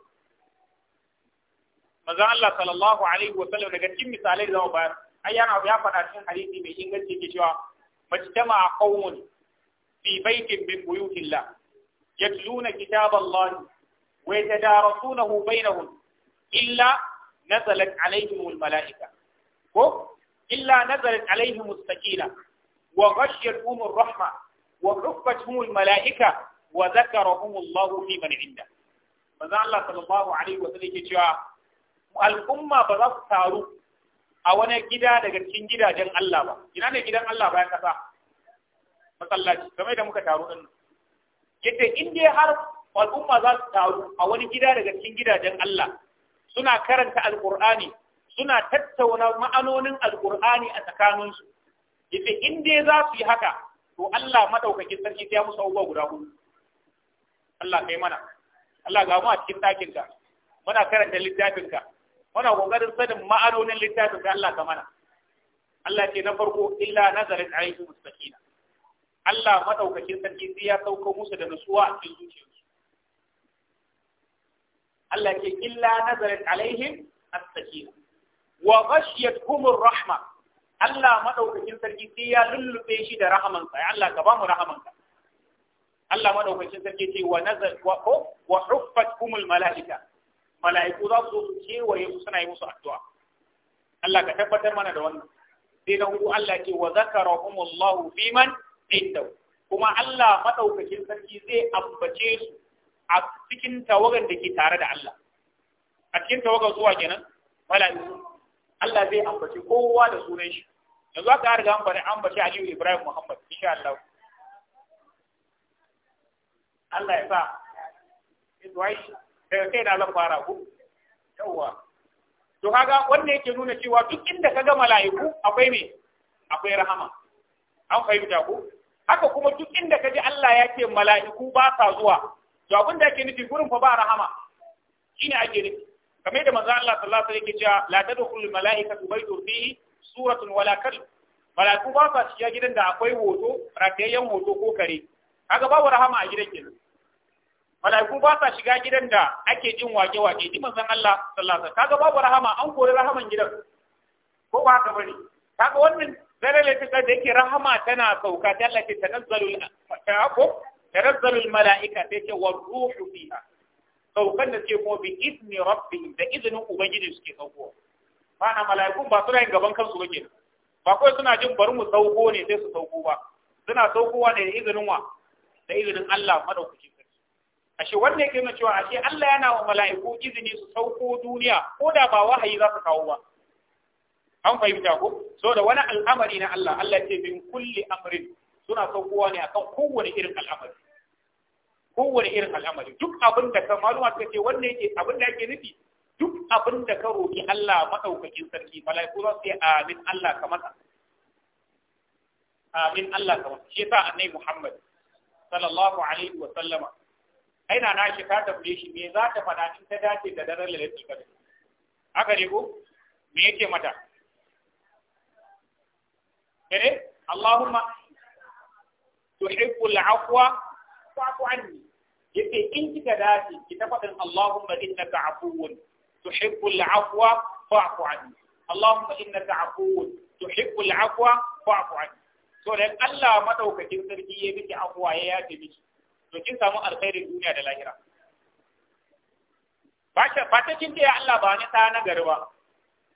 manzon Allah sallallahu alaihi wa sallam daga cikin misalai da zama bayar ai yana ya faɗa cikin hadisi mai inganci yake cewa majtama qaumun في بيت من بيوت الله يتلون كتاب الله ويتدارسونه بينهم إلا نزلت عليهم الملائكة إلا نزلت عليهم السكينة وغشيتهم الرحمة وحفتهم الملائكة وذكرهم الله في من عنده manzo Allah sallallahu alaihi wasallam yake cewa al'umma ba za su taru a wani gida daga cikin gidajen Allah ba ina ne gidan Allah bayan kasa masallaci game da muka taru din yadda in dai har al'umma za su taru a wani gida daga cikin gidajen Allah suna karanta Alƙur'ani, suna tattauna ma'anonin Alƙur'ani a tsakaninsu yadda in dai za su yi haka to Allah maɗaukakin sarki ya musu abubuwa guda hudu Allah kai mana Allah ga mu a cikin ɗakinka, ka muna karanta littafinka, ka muna ƙoƙarin sanin ma'anonin littafin Allah ka mana Allah ce na farko illa nazarin alaihi mustaqina Allah madaukakin sarki sai ya sauko musu da nutsuwa a cikin zuciyarsu Allah ke illa nazarin alaihim as-sakina wa ghashiyatkum ar-rahma Allah madaukakin sarki sai ya lullube shi da rahamansa ya Allah ka ba mu rahamanka Allah madaukakin sarki ce wa nazar wa ko wa huffatkum al-mala'ika mala'iku za su su kewaye su suna yi musu addu'a Allah ka tabbatar mana da wannan sai na hudu Allah ke wa zakarahum Allah fi man inda kuma Allah maɗaukakin sarki zai ambace su a cikin tawagan da ke tare da Allah a cikin tawagan zuwa kenan mala'iku Allah zai ambace kowa da sunan shi yanzu aka riga an bari ambace Aliyu Ibrahim Muhammad insha Allah Allah ya sa Idwai daga kai na zan fara ku yawa to kaga wanda yake nuna cewa duk inda kaga mala'iku akwai me akwai rahama an fahimta ku haka kuma duk inda kaji Allah ya ce mala'iku ba sa zuwa to abin da yake nufi gurin fa ba rahama shine ake nufi kamar yadda manzo Allah sallallahu alaihi wasallam yake cewa la tadkhulu mala'ikatu baytu fihi suratun wala kal mala'iku ba sa shiga gidan da akwai hoto ratayen hoto ko kare kaga babu rahama a gidan kenan mala'iku ba sa shiga gidan da ake jin wake-wake din manzo Allah sallallahu alaihi wasallam kaga babu rahama an kore rahaman gidan ko ba Ta bari kaga wannan zalala ta da yake rahama tana sauka ta Allah ce tanazzalul ta'aqub tanazzalul mala'ika ta ce ruhu fiha saukan da ce kuma bi izni rabbi da izinin ubangiji suke sauko ma'ana mala'ikun ba suna yin gaban kansu ba ba kawai suna jin bari mu sauko ne sai su sauko ba suna saukowa ne da izinin wa da izinin Allah madaukakin ashe wanda yake nuna cewa ashe Allah yana wa mala'iku izini su sauko duniya ko da ba wahayi za su kawo ba an fahimta ko so da wani al'amari na Allah Allah ce min kulli amrin suna saukowa ne akan kowane irin al'amari kowane irin al'amari duk abin da ka maluma suka ce wannan yake abin da yake nufi duk abin da ka roki Allah madaukakin sarki malaiku za su yi amin Allah ka masa amin Allah ka masa shi yasa annabi Muhammad sallallahu alaihi wa sallama aina na shi ka tambaye shi me za ta faɗa in ta dace da daren lalatul qadr haka ne ko me yake mata eh Allahumma tuhibbu al-afwa fa'fu anni yace in kika dace ki ta faɗin Allahumma innaka afuwun tuhibbu al-afwa fa'fu anni Allahumma innaka to dan Allah madaukakin sarki ya miki afwa ya yafe miki to kin samu alkhairin duniya da lahira ba ta kin ce Allah ba ni ɗa na gari ba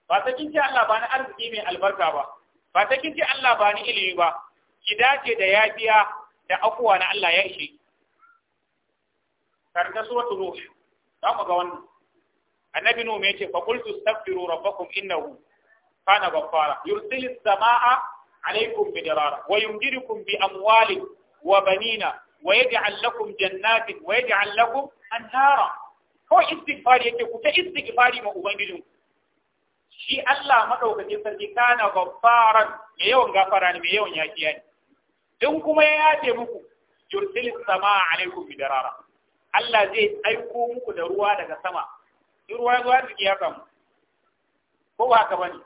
ba ta kin ce Allah ba ni arziki mai albarka ba ba ta kin ji Allah ba ni ilimi ba ki dace da yafiya da afuwa na Allah ya ishe karta suratul ruh za mu ga wannan annabi nu me ce, fa qultu astaghfiru rabbakum innahu kana ghaffara yursilis samaa alaykum midrara wa yumdidukum bi amwalin wa banina wa yaj'al allakum jannatin wa yaj'al allakum? anhara ko istighfari yake ku ta istighfari ma ubangijinku shi Allah madaukakin sarki kana gaffaran mai yawan gafara ne mai yawan yakiya ne in kuma ya yace muku yursil sama alaikum bidarara Allah zai aiko muku da ruwa daga sama in ruwa zuwa da ya samu ko ba haka bane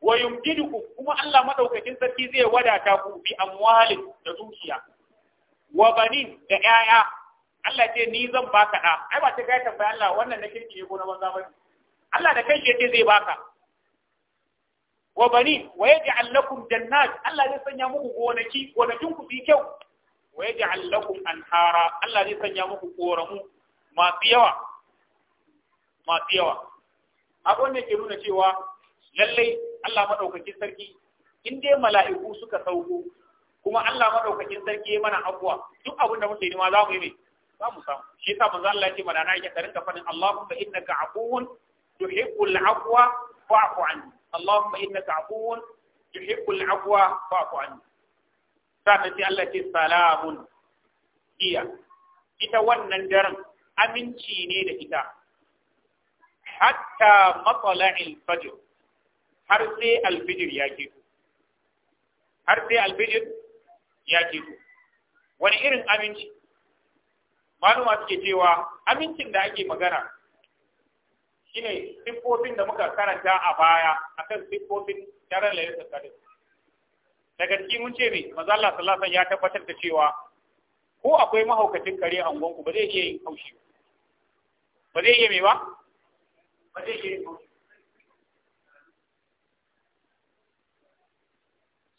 wa yumdiduku kuma Allah madaukakin sarki zai wadata ku bi amwalin da dukiya wa banin da 'ya'ya. Allah ce ni zan baka da ai ba ta ga tambaya Allah wannan na kirki ko na banza bane Allah da kai ce zai baka wa bani wa yaj'al lakum jannat Allah zai sanya muku gonaki gonakin ku bi kyau wa yaj'al lakum anhara Allah zai sanya muku koramu masu yawa masu yawa abin da ke nuna cewa lallai Allah madaukakin sarki in dai mala'iku suka sauko kuma Allah madaukakin sarki ya mana abuwa duk abin da muke nima za mu yi mai za mu samu shi yasa manzo Allah ya ce mana na yake karin ka fadin Allahumma innaka afuwun tuhibbul afwa fa'fu anni Allahumma innaka abu tuhibbul afwa fa'fu anni sannan sai Allah ce iya ita wannan daren aminci ne da ita hatta matsala'il fajr har sai alfijir ya ke har sai alfijir ya ke wani irin aminci maluma suke cewa amincin da ake magana shine siffofin da muka karanta a baya akan siffofin daren lailatul qadr daga cikin mun ce mai, manzo Allah sallallahu alaihi ya tabbatar da cewa ko akwai mahaukacin kare a unguwanku ba zai iya yin haushi? ba zai iya me ba ba zai iya yin haushi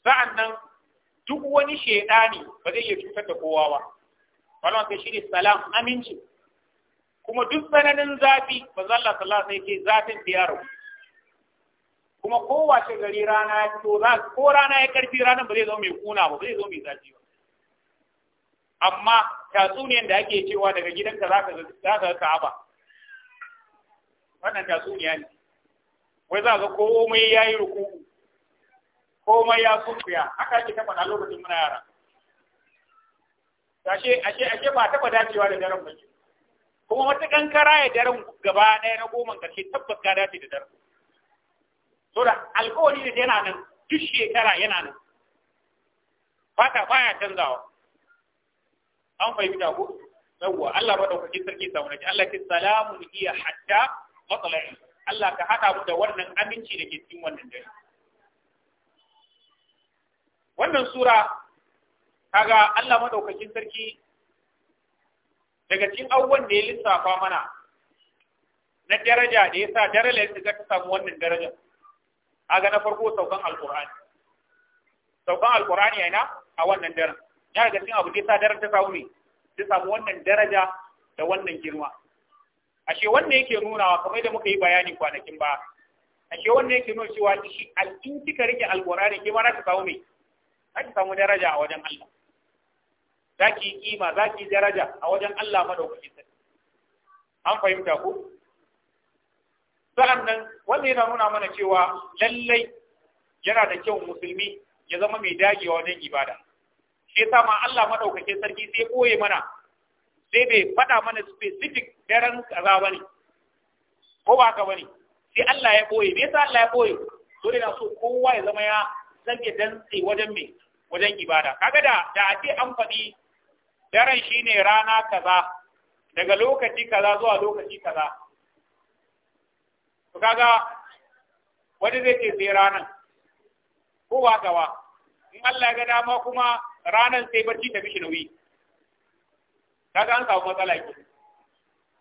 sa'an nan duk wani shaidani ba zai iya cutar da kowa ba wannan sai shi ne salam aminci kuma duk tsananin zafi ba za Allah sallallahu alaihi ke zafin biyar kuma kowace gari rana to ko rana ya karfi ranar ba zai zo mai kuna ba zai zo mai zafi ba amma tatsuniyan da ake cewa daga gidanka za ka ga ka'aba wannan tatsuniya ne wai za ka komai ya yi ruku komai ya sunkuya haka ake taɓa na lokacin muna yara ashe ashe ashe ba taɓa dacewa da daren bakin kuma wata kankara ya daren gaba ɗaya na goma ƙarshe tabbas ka dace da daren so da alkawari da yana nan duk shekara yana nan fata baya canzawa an fahimta ko yawwa Allah ba ɗaukaki sarki samu ji. Allah ke salamu iya hatta matsala'i Allah ka haɗa mu da wannan aminci da ke cikin wannan dare wannan sura kaga Allah madaukakin sarki daga cikin abubuwan da ya lissafa mana na daraja da ya sa darajar da ta samu wannan daraja ga na farko saukan alkur'ani saukan alkur'ani yana a wannan daraja ya daga cikin abu da ya sa darajar ta samu ne ta samu wannan daraja da wannan girma ashe wannan yake nunawa kamar da muka yi bayani kwanakin ba ashe wannan yake nuna cewa shi al'in kika rike alkur'ani ke ma za ka samu ne za ka samu daraja a wajen Allah za ki yi kima za ki daraja a wajen Allah madaukaki sarki an fahimta ko sa'annan wanda yana nuna mana cewa lallai yana da kyau musulmi ya zama mai dagewa wajen ibada shi yasa ma Allah madaukakin sarki sai koye mana sai bai faɗa mana specific daren kaza bane ko ba ka bane sai Allah ya koye me yasa Allah ya koye dole na so kowa ya zama ya zage dantse wajen me wajen ibada kaga da da ake amfani. an faɗi daren ne rana kaza daga lokaci kaza zuwa lokaci kaza to kaga wani zai ce sai ranan ko ba gawa in Allah ya ga dama kuma ranan sai barci ta bishi nauyi kaga an samu matsala ke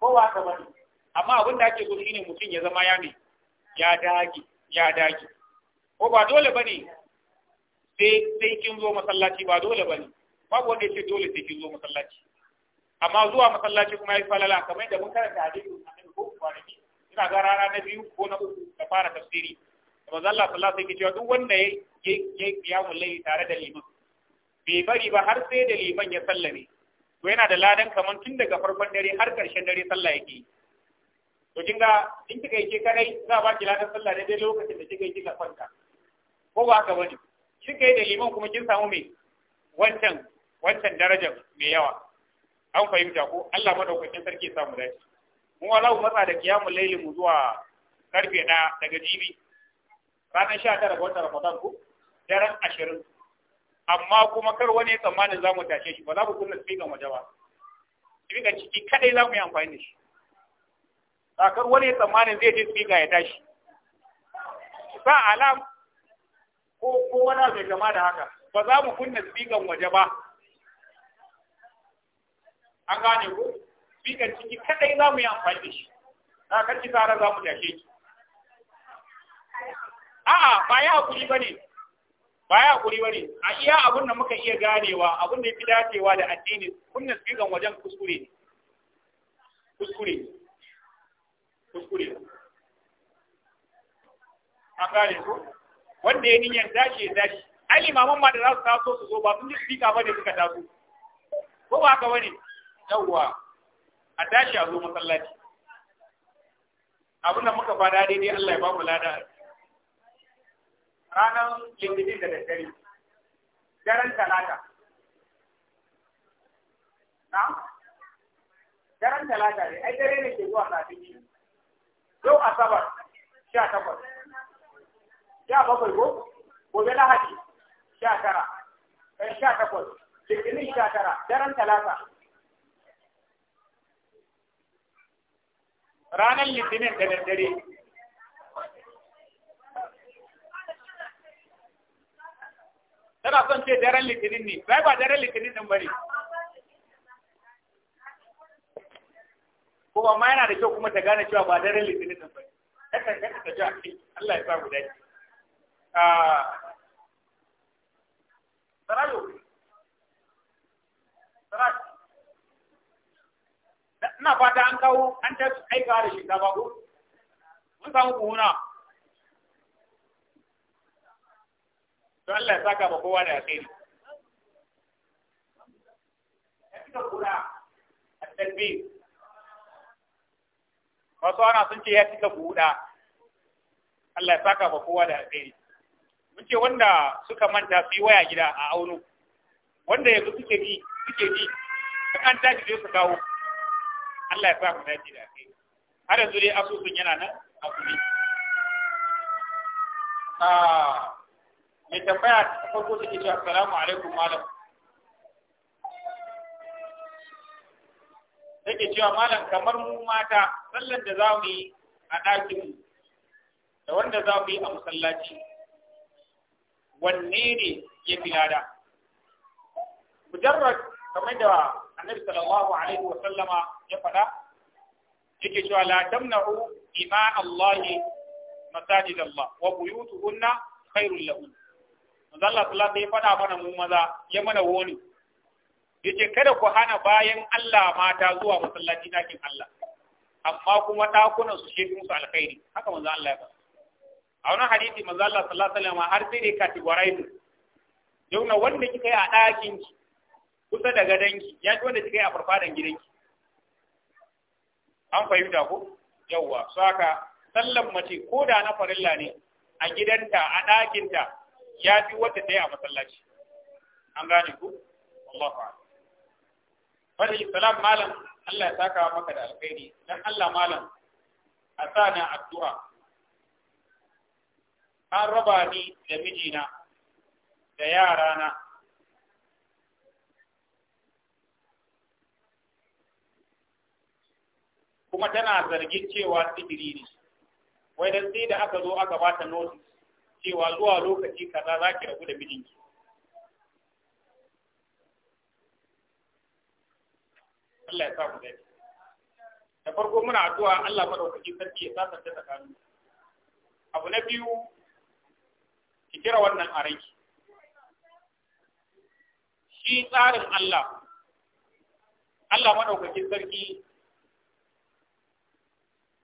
ko ba ka bane amma abin da ake so shine mutum ya zama ya ne ya dage ya dage ko ba dole bane sai sai kin zo masallaci ba dole bane babu wanda ce dole sai kin zo masallaci amma zuwa masallaci kuma yayi falala kamar da mun karanta hadisi cikin ko kwanaki ina ga rana na biyu ko na uku da fara tafsiri da manzo Allah sallallahu alaihi wasallam duk wanda ya ya kiyamul tare da liman bai bari ba har sai da liman ya sallame to yana da ladan kamar tun daga farkon dare har karshen dare sallah yake to kinga in kika yake kadai za ba ki ladan sallah da dai lokacin da kika yake ka kwanta ko ba haka bane kika yi da liman kuma kin samu me wancan wancan darajar mai yawa an fahimta ko Allah madaukakin sarki ya samu dace mu walau matsa da kiyamul layli mu zuwa karfe na daga jibi ranar sha tara ga watan Ramadan ko daren ashirin amma kuma kar wani tsammanin za mu tashe shi ba za mu kunna sifikan waje ba sifikan ciki kadai za mu yi amfani da shi kar wani tsammanin zai je sifika ya tashi sa alam ko ko wani zai jama da haka ba za mu kunna sifikan waje ba an gane ko speaker ciki kadai za mu yi amfani da shi na karki tsara za mu tashe ki a'a ba ya hakuri bane ba ya hakuri bane a iya abun da muka iya ganewa abun da ya fi dacewa da addini kunna speaker wajen kuskure ne kuskure kuskure an gane ko wanda ya niyyar dace ya tashi ai limaman ma da za su taso su zo ba sun ji ba bane suka taso ko ba haka ne? yawwa a tashi a zo masallaci abin da muka fada daidai Allah ya ba mu lada ranar litinin da daddare daren talata na daren talata ne ai dare ne ke zuwa kafin shi. yau asabar sha takwas sha bakwai ko gobe lahadi sha tara ɗan sha takwas litinin sha tara daren talata ranar litinin da daddare tana son ce daren litinin ne bai ba daren litinin din bari? kuma ma yana da kyau kuma ta gane cewa ba daren litinin din bari? kakan kanta ta ji a kai Allah ya sa guda ne ah, Sarayo, Sarayo, ina fata an kawo an ta aika da shinkafa ko mun samu buhuna to Allah ya saka ba kowa da alheri ka kula a tarbi wasu ana sun ce ya cika buɗa Allah ya saka ba kowa da alheri mun ce wanda suka manta su yi waya gida a auno wanda yanzu suke bi suke bi kan tashi zai su kawo Allah ya sa mu dace da kai har yanzu dai asusun yana nan a kuɗi ah mai tambaya ta farko take cewa assalamu alaikum malam take cewa malam kamar mu mata sallan da za mu yi a ɗakin da wanda za mu yi a masallaci wanne ne ya fi lada mujarrad kamar da annabi sallallahu alaihi wa sallama ya faɗa yake cewa la tamna'u ima Allah masajid Allah wa buyutuhunna khairul lahum manzo Allah sallallahu alaihi faɗa mana mu maza ya mana woni yace kada ku hana bayan Allah mata zuwa masallaci dakin Allah amma kuma dakunan su shi su alkhairi haka manzo Allah ya faɗa a wani hadisi manzo Allah sallallahu alaihi wasallam har sai dai categorize yau na wanda kika yi a dakin ki kusa da gadanki ya ji wanda kika yi a farfadan gidanki an fahimta ko yawwa saka sallan mace ko da na farilla ne a gidanta a ɗakinta ya fi wata ɗaya a masallaci an gane ku Allah fa fadi salam malam Allah ya saka maka da alkhairi dan Allah malam a addu'a an raba ni da mijina da yarana kuma tana zargin cewa sihiri ne wai da sai da aka zo aka ta notice cewa zuwa lokaci kaza za ki rabu da mijinki Allah ya sa mu dai da farko muna addu'a Allah madaukakin sarki ya sasanta tsakanin abu na biyu ki kira wannan araki shi tsarin Allah Allah madaukakin sarki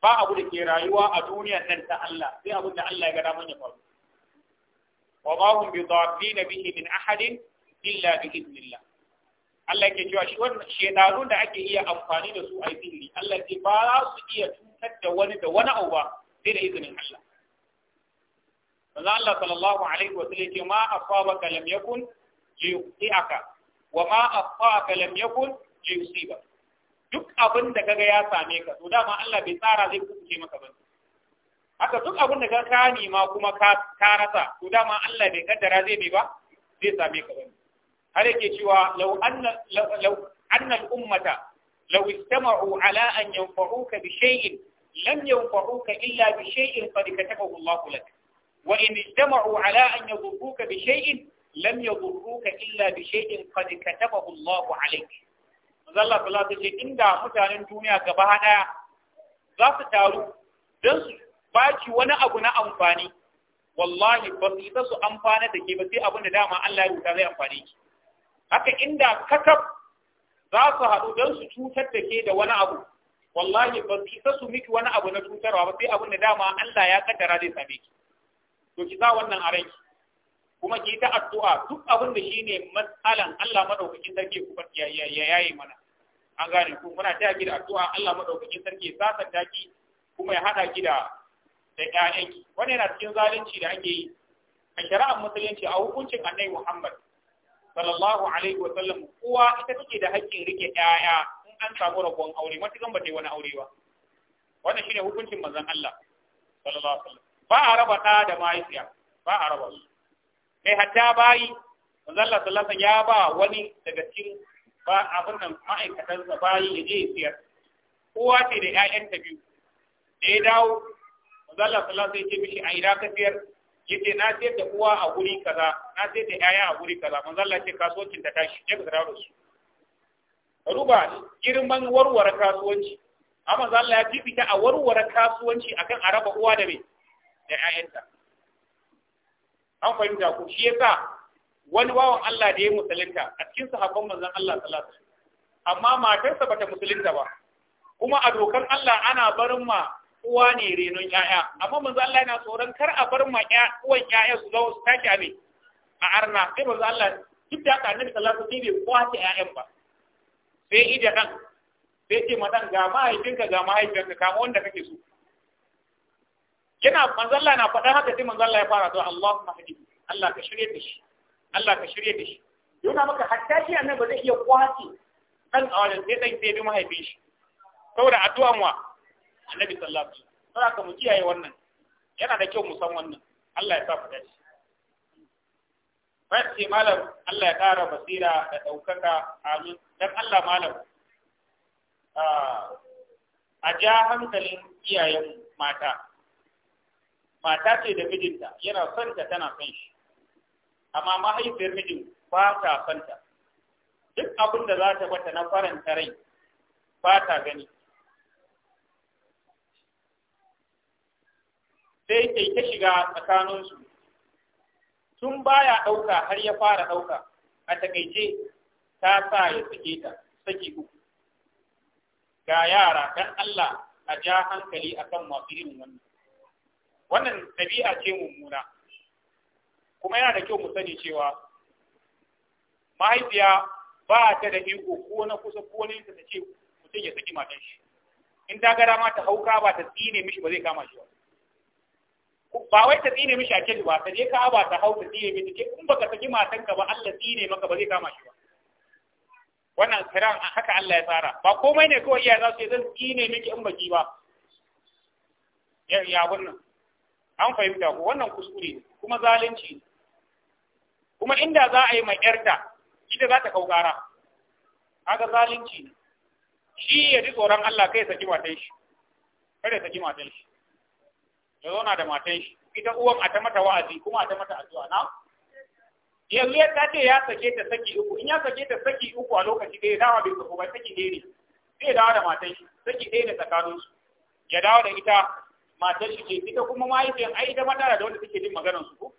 ba abu da ke rayuwa a duniyar nan ta Allah sai abin da Allah ya ga daman ya faru wa ma hum bi dharrina bihi min ahadin illa bi idnillah Allah ke cewa shi wannan shedanun da ake iya amfani da su a sirri Allah ke ba za su iya cutar da wani da wani abu ba sai da izinin Allah Manzo Allah sallallahu alaihi wa sallam ce ma asabaka lam yakun li yuqti'aka wa ma akhta'aka lam yakun li yusibaka duk abin da kaga ya same ka to dama Allah bai tsara zai kubuce maka ba haka duk abin da ka ma kuma ka rasa to dama Allah bai kaddara zai bai ba zai same ka ba har yake cewa law anna law anna al-ummata law istama'u ala an yanfa'uka bi shay'in lam yanfa'uka illa bi shay'in qad katabahu Allah lak wa in ijtama'u ala an yadurruka bi shay'in lam yadurruka illa bi shay'in qad katabahu Allah alayk manzo Allah sallallahu alaihi inda mutanen duniya gaba daya za su taru dan su baki wani abu na amfani wallahi ba su isa su amfana da ke ba sai abin da dama Allah ya rubuta zai amfani ki haka inda katab za su haɗu don su cutar da ke da wani abu wallahi ba su isa su miki wani abu na cutarwa ba sai abin da dama Allah ya kaddara zai same ki to ki za wannan a kuma ki ta addu'a duk abin da shine matsalan Allah madaukakin sarki ku ya yayi mana an gane ku muna taya ki da addu'a Allah madaukakin sarki ya ta ki kuma ya hada ki da da Wani wannan yana cikin zalunci da ake yi a shari'ar musulunci a hukuncin annabi Muhammad sallallahu alaihi wa sallam kuwa ita take da haƙƙin rike ƴaƴa in an samu rabon aure matukan ba ta yi wani aure ba wannan shine hukuncin manzon Allah sallallahu alaihi wa sallam ba a raba ɗa da mahaifiya ba a raba su kai hatta bayi zalla sallallahu ya ba wani daga cikin ba abin nan ma'aikatan sa bayi ya je ya siyar kowa ce da ƴaƴan ta biyu da ya dawo zalla sallallahu ya ce mishi a ina ka siyar yace na siyar da uwa a guri kaza na siyar da ƴaƴa a guri kaza zalla ce kasuwancin ta tashi ya ka dawo da su ruba girman warware kasuwanci amma zalla ya fifita a warware kasuwanci akan araba uwa da me da ƴaƴanta an fahimta ku shi yasa wani wawan Allah da ya musulunta a cikin sahabban manzon Allah sallallahu alaihi wasallam amma matarsa bata musulunta ba kuma a dokar Allah ana barin ma uwa ne renon yaya amma manzon Allah yana tsoron kar a bar ma uwan yaya su zo su take ne a arna sai manzon Allah duk da haka annabi sallallahu alaihi wasallam bai kwace yayan ba sai ida kan, sai ce ma ga mahaifinka ga mahaifinka kama wanda kake so yana manzalla na faɗa haka sai manzalla ya fara to Allahumma hadi Allah ka shirya da shi Allah ka shirya da shi yana maka hatta shi annabi ba zai iya kwace dan awalan sai dan sai bi mahaifin shi saboda addu'a mu annabi sallallahu alaihi wasallam saboda mu kiyaye wannan yana da kyau mu san wannan Allah ya sa mu dace Fashe malam Allah ya ƙara basira da ɗaukaka amin don Allah malam ah, a ja hankalin iyayen mata mata ce da mijinta yana son ta tana kan shi amma mahaifiyar mijin ba ta son ta duk abin da za ta bata na faranta rai ba ta gani sai yi ta shiga tsakaninsu tun baya ɗauka har ya fara ɗauka a takaice ta sa ya sake ta sake uku ga yara dan Allah a ja hankali akan masu irin wannan wannan ɗabi'a ce mummuna kuma yana da kyau mu sani cewa mahaifiya ba ta da iko ko na kusa ko ne ta ce mutum ya saki matan shi in ta gara ma ta hauka ba ta tsine mishi ba zai kama shi ba ba wai ta tsine mishi a keji ba ta je ka ba ta hau ta tsine mishi in baka saki ka ba Allah tsine maka ba zai kama shi ba wannan kiran haka Allah ya tsara ba komai ne kawai iyaye za su yi zan tsine miki in baki ba ya ya wannan an fahimta ko wannan kuskure ne kuma zalunci ne kuma inda za a yi mai yarda ita za ta kaukara haka zalunci ne shi ya ji tsoron Allah kai saki matan shi kada saki matan shi ya zauna da matan shi ita uwan a ta mata wa'azi kuma a ta mata addu'a na yanzu ya ce ya sake ta saki uku in ya sake ta saki uku a lokaci da ya dawo bai sako ba saki ɗaya ne zai dawo da matan shi saki ɗaya ne tsakaninsu ya dawo da ita matar shi ce ita kuma mahaifiyar ai da madara da wanda take jin maganar su ko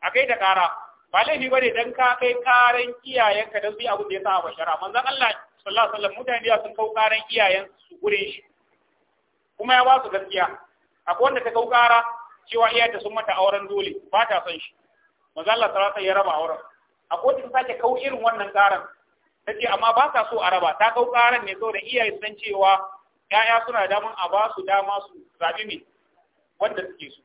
a kai da kara ba laifi bane dan ka kai karan iyayenka dan bi abu da ya sa a bashara manzon Allah sallallahu alaihi wasallam mutane ya sun kau karan iyayen su gure shi kuma ya ba su gaskiya akwai wanda ta kau kara cewa iyayenta sun mata auren dole ba ta son shi manzon Allah sallallahu alaihi ya raba auren akwai wanda ta sake kau irin wannan karan ta ce amma ba ta so a raba ta kau karan ne saboda iyaye san cewa ‘ya'ya suna damun a ba su dama su zaɓi ne wanda suke su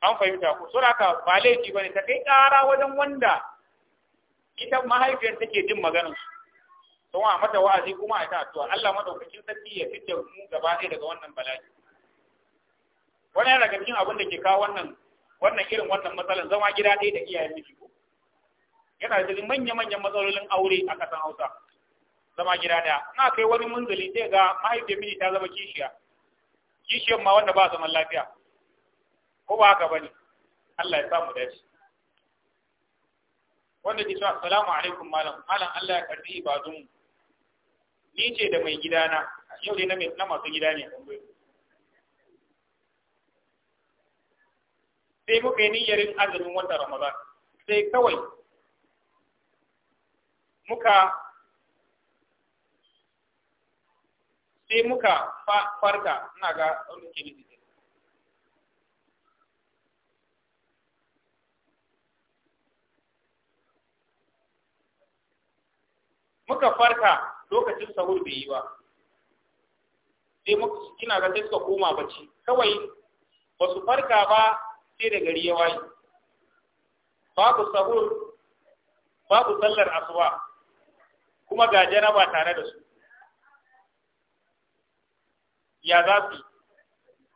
an fahimta ku Suna ka ba laifi ba ne ta kai ƙara wajen wanda ita mahaifiyar take jin maganarsu. su don a mata wa'azi kuma a ta addu'a Allah maɗaukacin sarki ya fitta mu gaba ɗaya daga wannan bala'i wani yana daga cikin abin da ke kawo wannan wannan irin wannan matsalar zama gida ɗaya da iyayen miji ko yana da manya manyan matsalolin aure a ƙasar Hausa zama gida daya ina kai wani munzali sai ga mahaifiyar miji ta zama kishiya kishiyar ma wanda ba zaman lafiya ko ba haka bane Allah ya mu dace wanda ke cewa assalamu alaikum malam malam Allah ya karbi ibadun ni ce da mai gidana yau dai na mai na masu gida ne sai muka yi niyyarin azumin watan Ramadan sai kawai muka sai muka farka ina ga wanda ke nufi muka farka lokacin sahur bai yi ba sai muka kina ga sai suka koma bacci kawai ba su farka ba sai da gari ya wayi. babu sahur babu sallar asuba kuma ga ba tare da su ya za su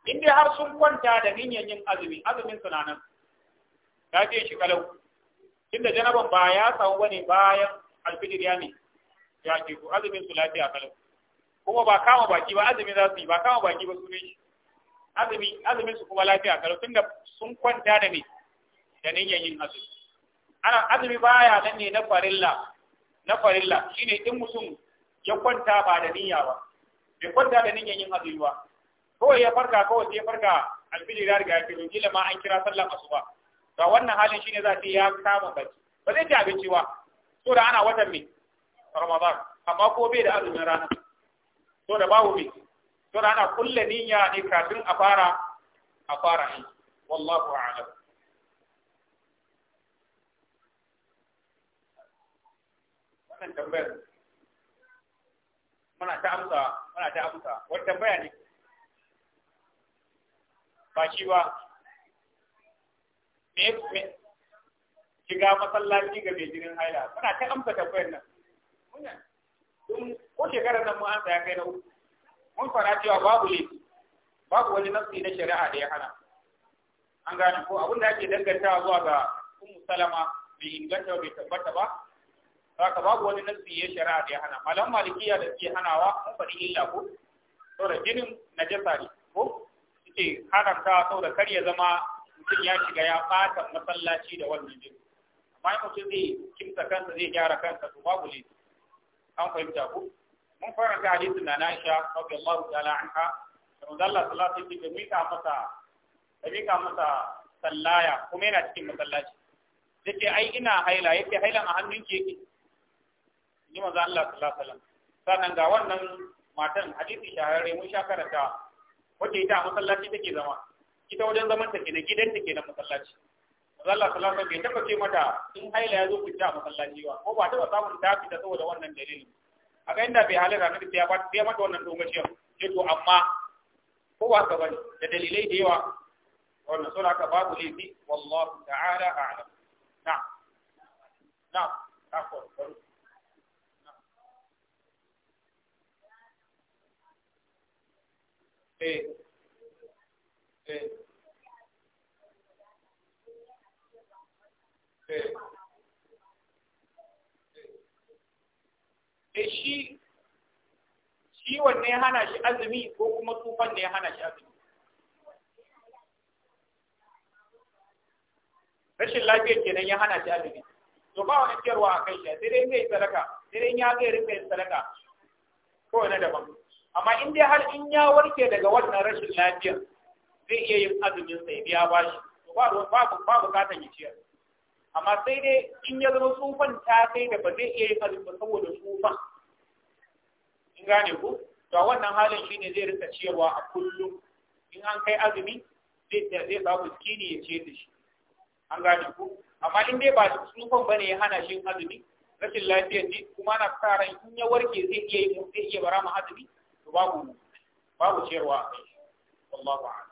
in dai har sun kwanta da niyyar yin azumi azumin su nan ta ce shi kalau Inda janaban ba ya samu wani bayan alfijir ya ne ya ke ku azumin su lafiya kalau kuma ba kama baki ba azumi za su yi ba kama baki ba su ne shi azumi azumin su kuma lafiya kalau da sun kwanta da ne da niyyar yin azumi ana azumi baya nan ne na farilla na farilla shine in mutum ya kwanta ba da niyya ba bai kwanta da niyyar yin azumi ba kawai ya farka kawai sai ya farka alfili ya riga ya fito kila ma an kira masu asuba ga wannan halin shine za ta ya kama bacci ba zai ci abinci ba so da ana watan me ramadan amma ko bai da azumin rana so da babu me so da ana kulle niyya ne kafin a fara a fara shi wallahu a'lam wannan tambayar muna ta amsa muna ta amsa wata tambaya ne ba shi ba me me shiga masallaci ga mai jirin haila muna ta amsa tambayar nan mun ko shekarar nan mun amsa ya kai na uku mun fara cewa babu ne. babu wani nafsi na shari'a da ya hana an gane ko abin da ake dangantawa zuwa ga ummu salama bai inganta bai tabbata ba haka babu wani nasi ya shari'a da ya hana malam malikiya da suke hanawa sun faɗi illa ko saboda jinin najasa ne ko suke haramta saboda kar ya zama mutum ya shiga ya fata masallaci da wannan jini amma in mutum zai kimsa kansa zai gyara kansa to babu ne an fahimta ko mun fara ta hadisin na Aisha radiyallahu ta'ala anha da Allah sallallahu alaihi wasallam ya mika masa ya mika masa sallaya kuma yana cikin masallaci yace ai ina haila yace hailan a hannunki yake Ni manzo Allah sallallahu alaihi wasallam sannan ga wannan matan hadisi shahararre mun sha karanta wacce ita a masallaci take zama ita wajen zaman ta kenan gidan ta kenan masallaci manzo Allah sallallahu alaihi wasallam bai taba ce mata in haila ya zo ku ta masallaci ba ko ba taba samun ta fita saboda wannan dalilin a ga inda bai halaka na ya ba ya mata wannan dogaciyar ce to amma ko ba ka bani da dalilai da yawa wannan sura ka babu laifi wallahu ta'ala a'lam na'am na'am akwai Eh eh. Eh. eh eh shi wanne ne ya hana shi azumi ko kuma Tufan ne ya hana shi azumi rashin lafiyar kenan ya hana shi azumi to ba wani ciyarwa a kai shi sai dai mai sadaka sai dai ya zai rika sadaka Ko wani daban amma in dai har in ya warke daga wannan rashin lafiyar zai iya yin azumin sai biya bashi ba ba bukatan ya ciyar amma sai dai in ya zama tsufan ta kai da ba zai iya yin azumin ba saboda tsufan in gane ku to a wannan halin shine zai rika ciyarwa a kullum in an kai azumi zai zai samu skini ya ciyar da shi an gane ku amma in dai ba tsufan bane ya hana shi azumi rashin lafiyar ne kuma na fara in ya warke zai iya yin zai iya bara mu azumi to babu babu ciyarwa a kai wallahu a'lam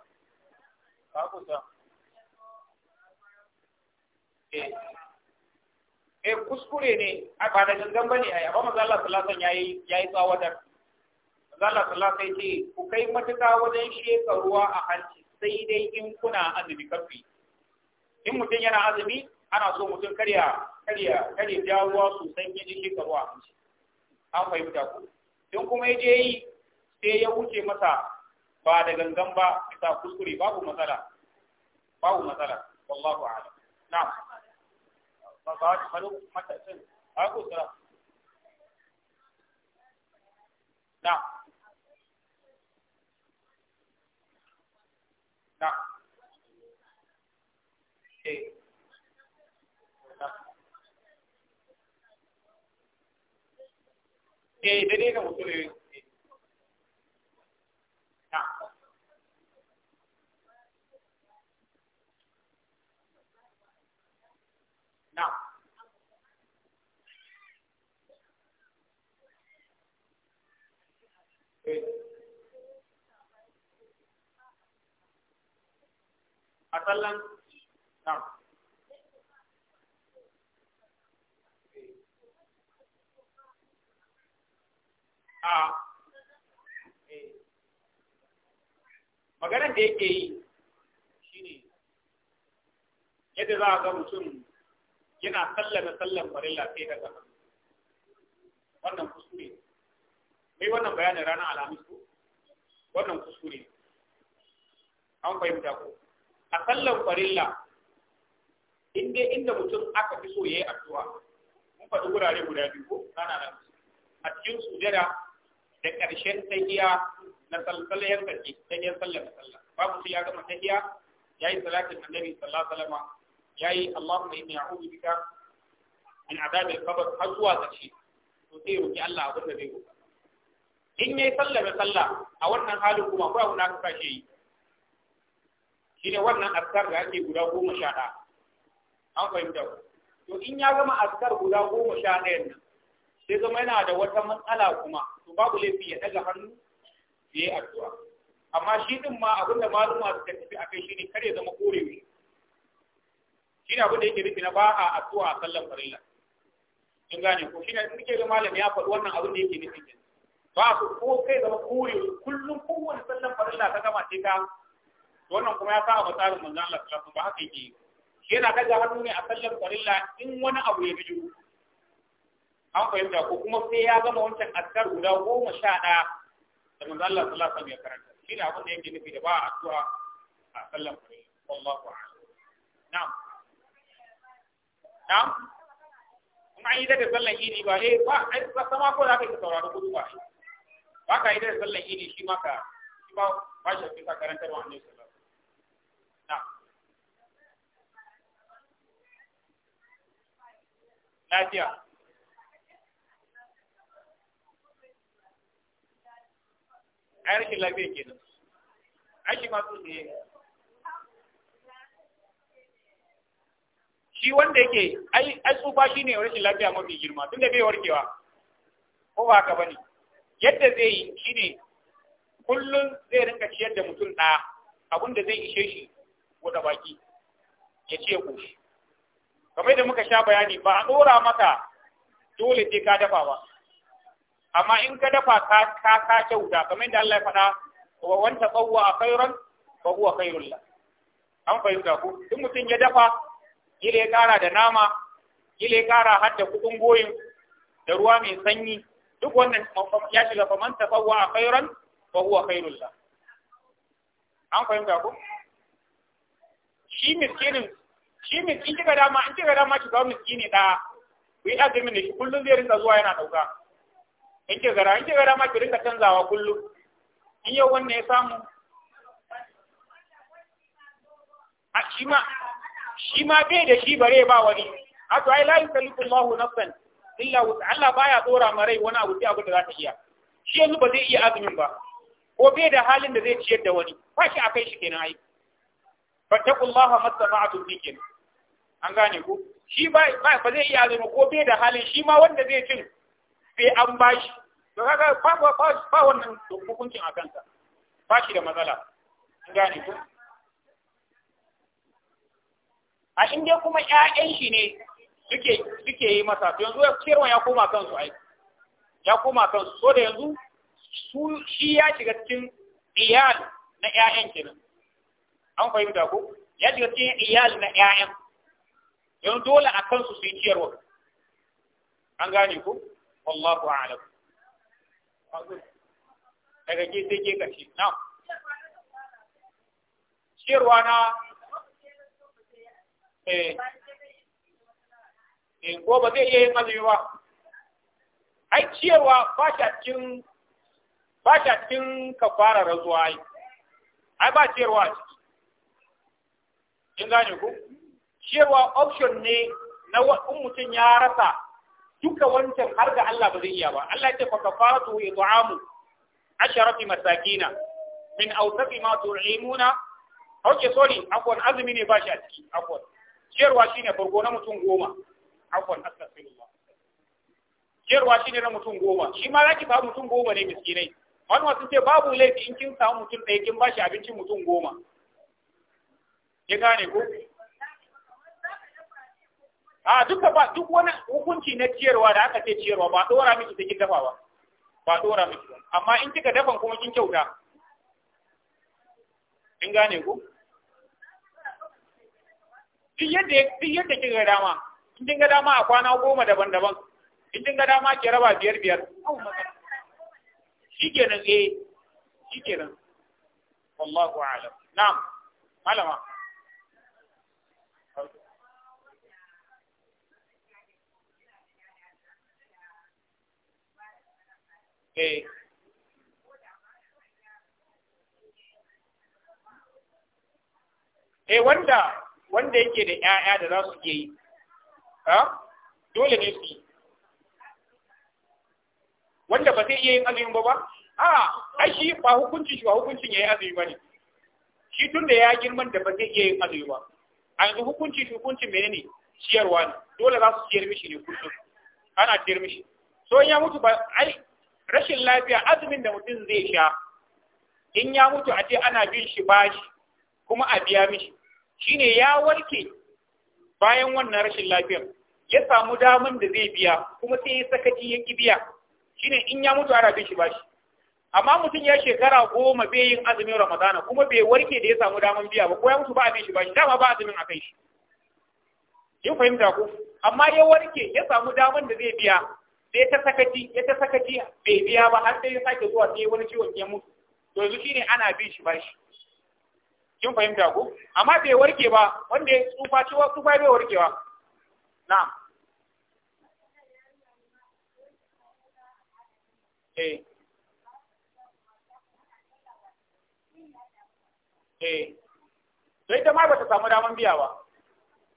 ka kusa eh eh kuskure ne a ba da gangan bane ai yaba. manzo Allah sallallahu alaihi wasallam yayi yayi tsawadar manzo Allah sallallahu alaihi wasallam ce ku kai matuka wajen sheka ruwa a hanci sai dai in kuna azumi kafi in mutum yana azumi ana so mutum karya karya karya jawo ruwa sosai ya ji sheka a an fahimta ku don kuma ya je yi sai ya wuce masa ba da gangan ba ta kuskure babu matsala babu matsala wallahu a'lam na ba ba ta faru mata sun ako tsara na na eh dari eh, dai ne ga a tsallan a maganar da yake yi shi ne yadda za a ga mutum yana sallame sallan farilla sai daga wannan kuskure mai wannan bayanin ranar alhamis ko wannan kuskure an fahimta ko a sallan farilla inda inda mutum aka fi so ya yi addu'a mun faɗi wurare guda biyu ko kana nan a cikin sujada da ƙarshen tahiya na salsalayar sarki tahiyar sallar sallah babu sai ya gama tahiya yayi salatin annabi sallallahu alaihi wasallam yayi allahumma inni a'udhu bika min adabil qabr har zuwa ƙarshe to sai roki Allah abin da zai roka in yayi sallar sallah a wannan halin kuma ba wani aka kashe yi ne wannan askar da ake guda goma sha ɗaya an fahimta to in ya gama askar guda goma sha ɗayan nan sai zama yana da wata matsala kuma to babu laifi ya ɗaga hannu ya yi addu'a amma shi ɗin ma abinda maluma suka tafi a kai ne, kar ya zama ne abin da yake nufi na ba a addu'a a sallan farilla in gane ko in muke ga malam ya faɗi wannan abin da yake nufi ba su ko kai zama korewa. kullum kowane sallan farilla ka gama sai ka wannan kuma ya saba tsarin manzon Allah sallallahu ba haka yake yana daga hannu ne a sallar farilla in wani abu ya biyo an fahimta ko kuma sai ya gama wancan askar guda goma sha ɗaya da manzon Allah sallallahu alaihi ya karanta shi ne abin da yake nufi da ba a addu'a a sallar farilla wallahu a'lam na'am na'am kuma an yi da sallar idi ba eh ba ai ba sama ko za ka yi sauraro gudu ba ba ka yi da sallar idi shi ma ka shi ba ba shi ka karanta wa ne. lafiya A rashin lafiya kenan aiki ma ne. shi wanda yake ai ai tsufa shine rashin lafiya mafi girma tun da bai warkewa ko ba haka bane yadda zai yi shi ne kullum zai rinka ciyar da mutum ɗaya abinda zai ishe shi buɗe baki ya ce ya kamar da muka sha bayani ba a dora maka dole sai ka dafa ba amma in ka dafa ka ka ka kyauta kamar da Allah ya faɗa wa wanta qawwa khairan fa huwa khairul la an fahimta ku duk mutum ya dafa gile kara da nama gile kara har da kudin goyin da ruwa mai sanyi duk wannan ya shiga fa man tafawwa khairan fa huwa khairul la an fahimta ku shi miskinin shi ne in kika dama in kika dama ki kawo ne da ku yi azumin ne shi kullum zai rinka zuwa yana dauka in kika gara in kika dama ki rinka canzawa kullum in yau wannan ya samu a shi ma shi ma bai da shi bare ba wani a to ai la yukallifu Allahu nafsan illa wusa Allah baya tsora ma rai wani abu sai abu da za ta iya shi yanzu ba zai iya azumin ba ko bai da halin da zai ciyar da wani ba shi akai shi kenan ai fattaqullaha mastata'tum fikin an gane ko shi ba ba zai iya azumi ko bai da halin shi ma wanda zai cin sai an bashi to kaga ba ba ba wannan hukuncin a kansa ba shi da matsala an gane ko a inda kuma ƴaƴan shi ne suke suke yi masa to yanzu ciyarwa ya koma kansu ai ya koma kansu so da yanzu su shi ya shiga cikin iyal na ƴaƴan kenan an fahimta ko ya shiga cikin iyal na ƴaƴan yanzu dole a kansu su yi ciyarwa an gane ku wallahu a'lam daga ke sai ke kashi na ciyarwa na eh, eh ko ba zai iya yin azumi ba ai ciyarwa ba ta cikin ba ta cikin kafara razuwa ai ai ba ciyarwa in gane ku cewa option ne na in mutum ya rasa duka wancan har ga Allah ba zai iya ba Allah ce fa kafaratu it'amu asharati masakina min awsafi ma tu'imuna ok sorry afwan azumi ne ba shi a ciki akwai. ciyarwa shine farko na mutum goma akwai, astaghfirullah ciyarwa shine na mutum goma shi ma zaki ba mutum goma ne miskinai wani wasu ce babu laifi in kin samu mutum ɗaya kin shi abincin mutum goma ya gane ko a duka ba duk wani hukunci na ciyarwa da aka ce ciyarwa ba dora miki take dafa ba ba dora miki amma in kika dafa kuma kin kyauta in gane ku duk yadda duk yadda kika ga dama in kin ga dama a kwana goma daban-daban in kin ga dama ki raba biyar biyar shikenan eh shikenan wallahu a'lam na'am malama eh eh wanda wanda yake da ƴaƴa da za su iya yi ha dole ne su yi wanda ba zai iya yin azumi ba ba a ai shi ba hukuncin shi ba hukuncin ya yi azumi ba ne shi tun da ya girman da ba zai iya yin azumi ba a yanzu hukunci shi hukuncin menene ciyarwa ne dole za su siyar mishi ne kullum ana siyar mishi so ya mutu ba ai rashin lafiya azumin da mutum zai sha in ya mutu a ce ana bin shi bashi kuma a biya mishi shine ya warke bayan wannan rashin lafiyar ya samu daman da zai biya kuma sai ya sakaci ya ki biya shine in ya mutu ana bin shi bashi amma mutum ya shekara goma bai yin azumin ramadana kuma bai warke da ya samu daman biya ba ko ya mutu ba a bin shi bashi dama ba azumin a kai shi kin fahimta ko amma ya warke ya samu daman da zai biya sai ta sakaci ya ta sakaci bai biya ba har sai ya sake zuwa sai wani ciwon ya mutu to yanzu shine ana bin shi ba shi. kin fahimta ko amma bai warke ba wanda ya tsufa ciwo tsufa bai warkewa na'am eh eh sai ta ma ba ta samu daman biya ba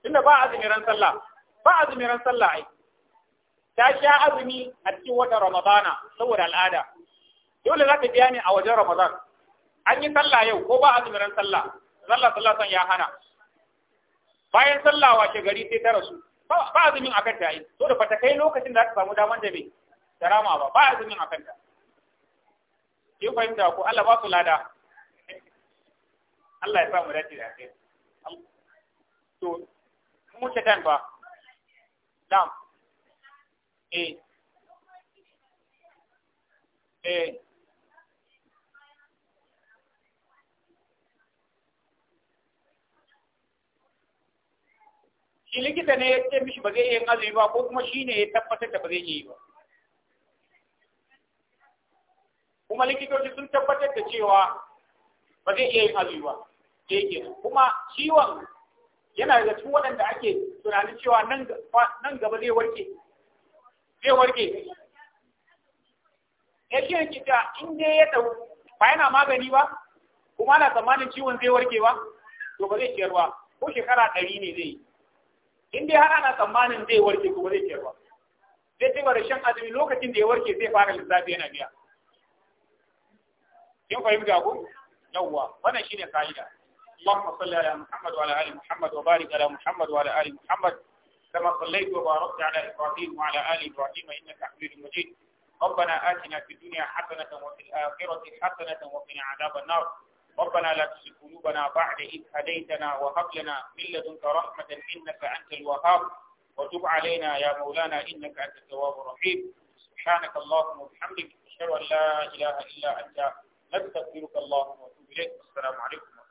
tunda ba azumin ran sallah ba azumin ran sallah ai ta sha azumi a cikin watan Ramadana saboda al'ada. Dole za ta biya ni a wajen Ramadan. An yi sallah yau ko ba azumin ran sallah. Sallah sallah san ya hana. Bayan sallah washe gari sai ta rasu. Ba azumin akan ta yi. So da fata kai lokacin da ta samu daman da bai rama ba. Ba azumin akan ta. Ki fahimta ko Allah ba su lada. Allah ya sa mu dace da kai. To mu ta dan ba. Dan. eh eh shi likita ne ya ce mishi ba zai yin azumi ba ko kuma shi ne ya tabbatar da ba zai yi ba kuma likitoci sun tabbatar da cewa ba zai iya yin azumi ba yake eh, kuma ciwon yana daga cikin waɗanda ake tunanin cewa nan gaba zai warke zai warke ya shi yanki ta in ya ɗau ba yana magani ba kuma na tsammanin ciwon zai warke ba to ba zai ciyar ba ko shekara ɗari ne zai yi in dai har ana tsammanin zai warke ko ba zai ciyar ba sai ce da shan azumi lokacin da ya warke zai fara lissafi yana biya kin fahimta ku yawwa wannan shine ka'ida اللهم صل على محمد وعلى ال محمد وبارك على محمد وعلى ال محمد كما صليت وباركت على إبراهيم وعلى آل إبراهيم إنك حميد مجيد ربنا آتنا في الدنيا حسنة وفي الآخرة حسنة وقنا عذاب النار ربنا لا تسل قلوبنا بعد إذ هديتنا وهب لنا من لدنك رحمة إنك أنت الوهاب وتب علينا يا مولانا إنك أنت التواب الرحيم سبحانك اللهم وبحمدك أشهد أن لا إله إلا أنت نستغفرك اللهم وأتوب إليك والسلام عليكم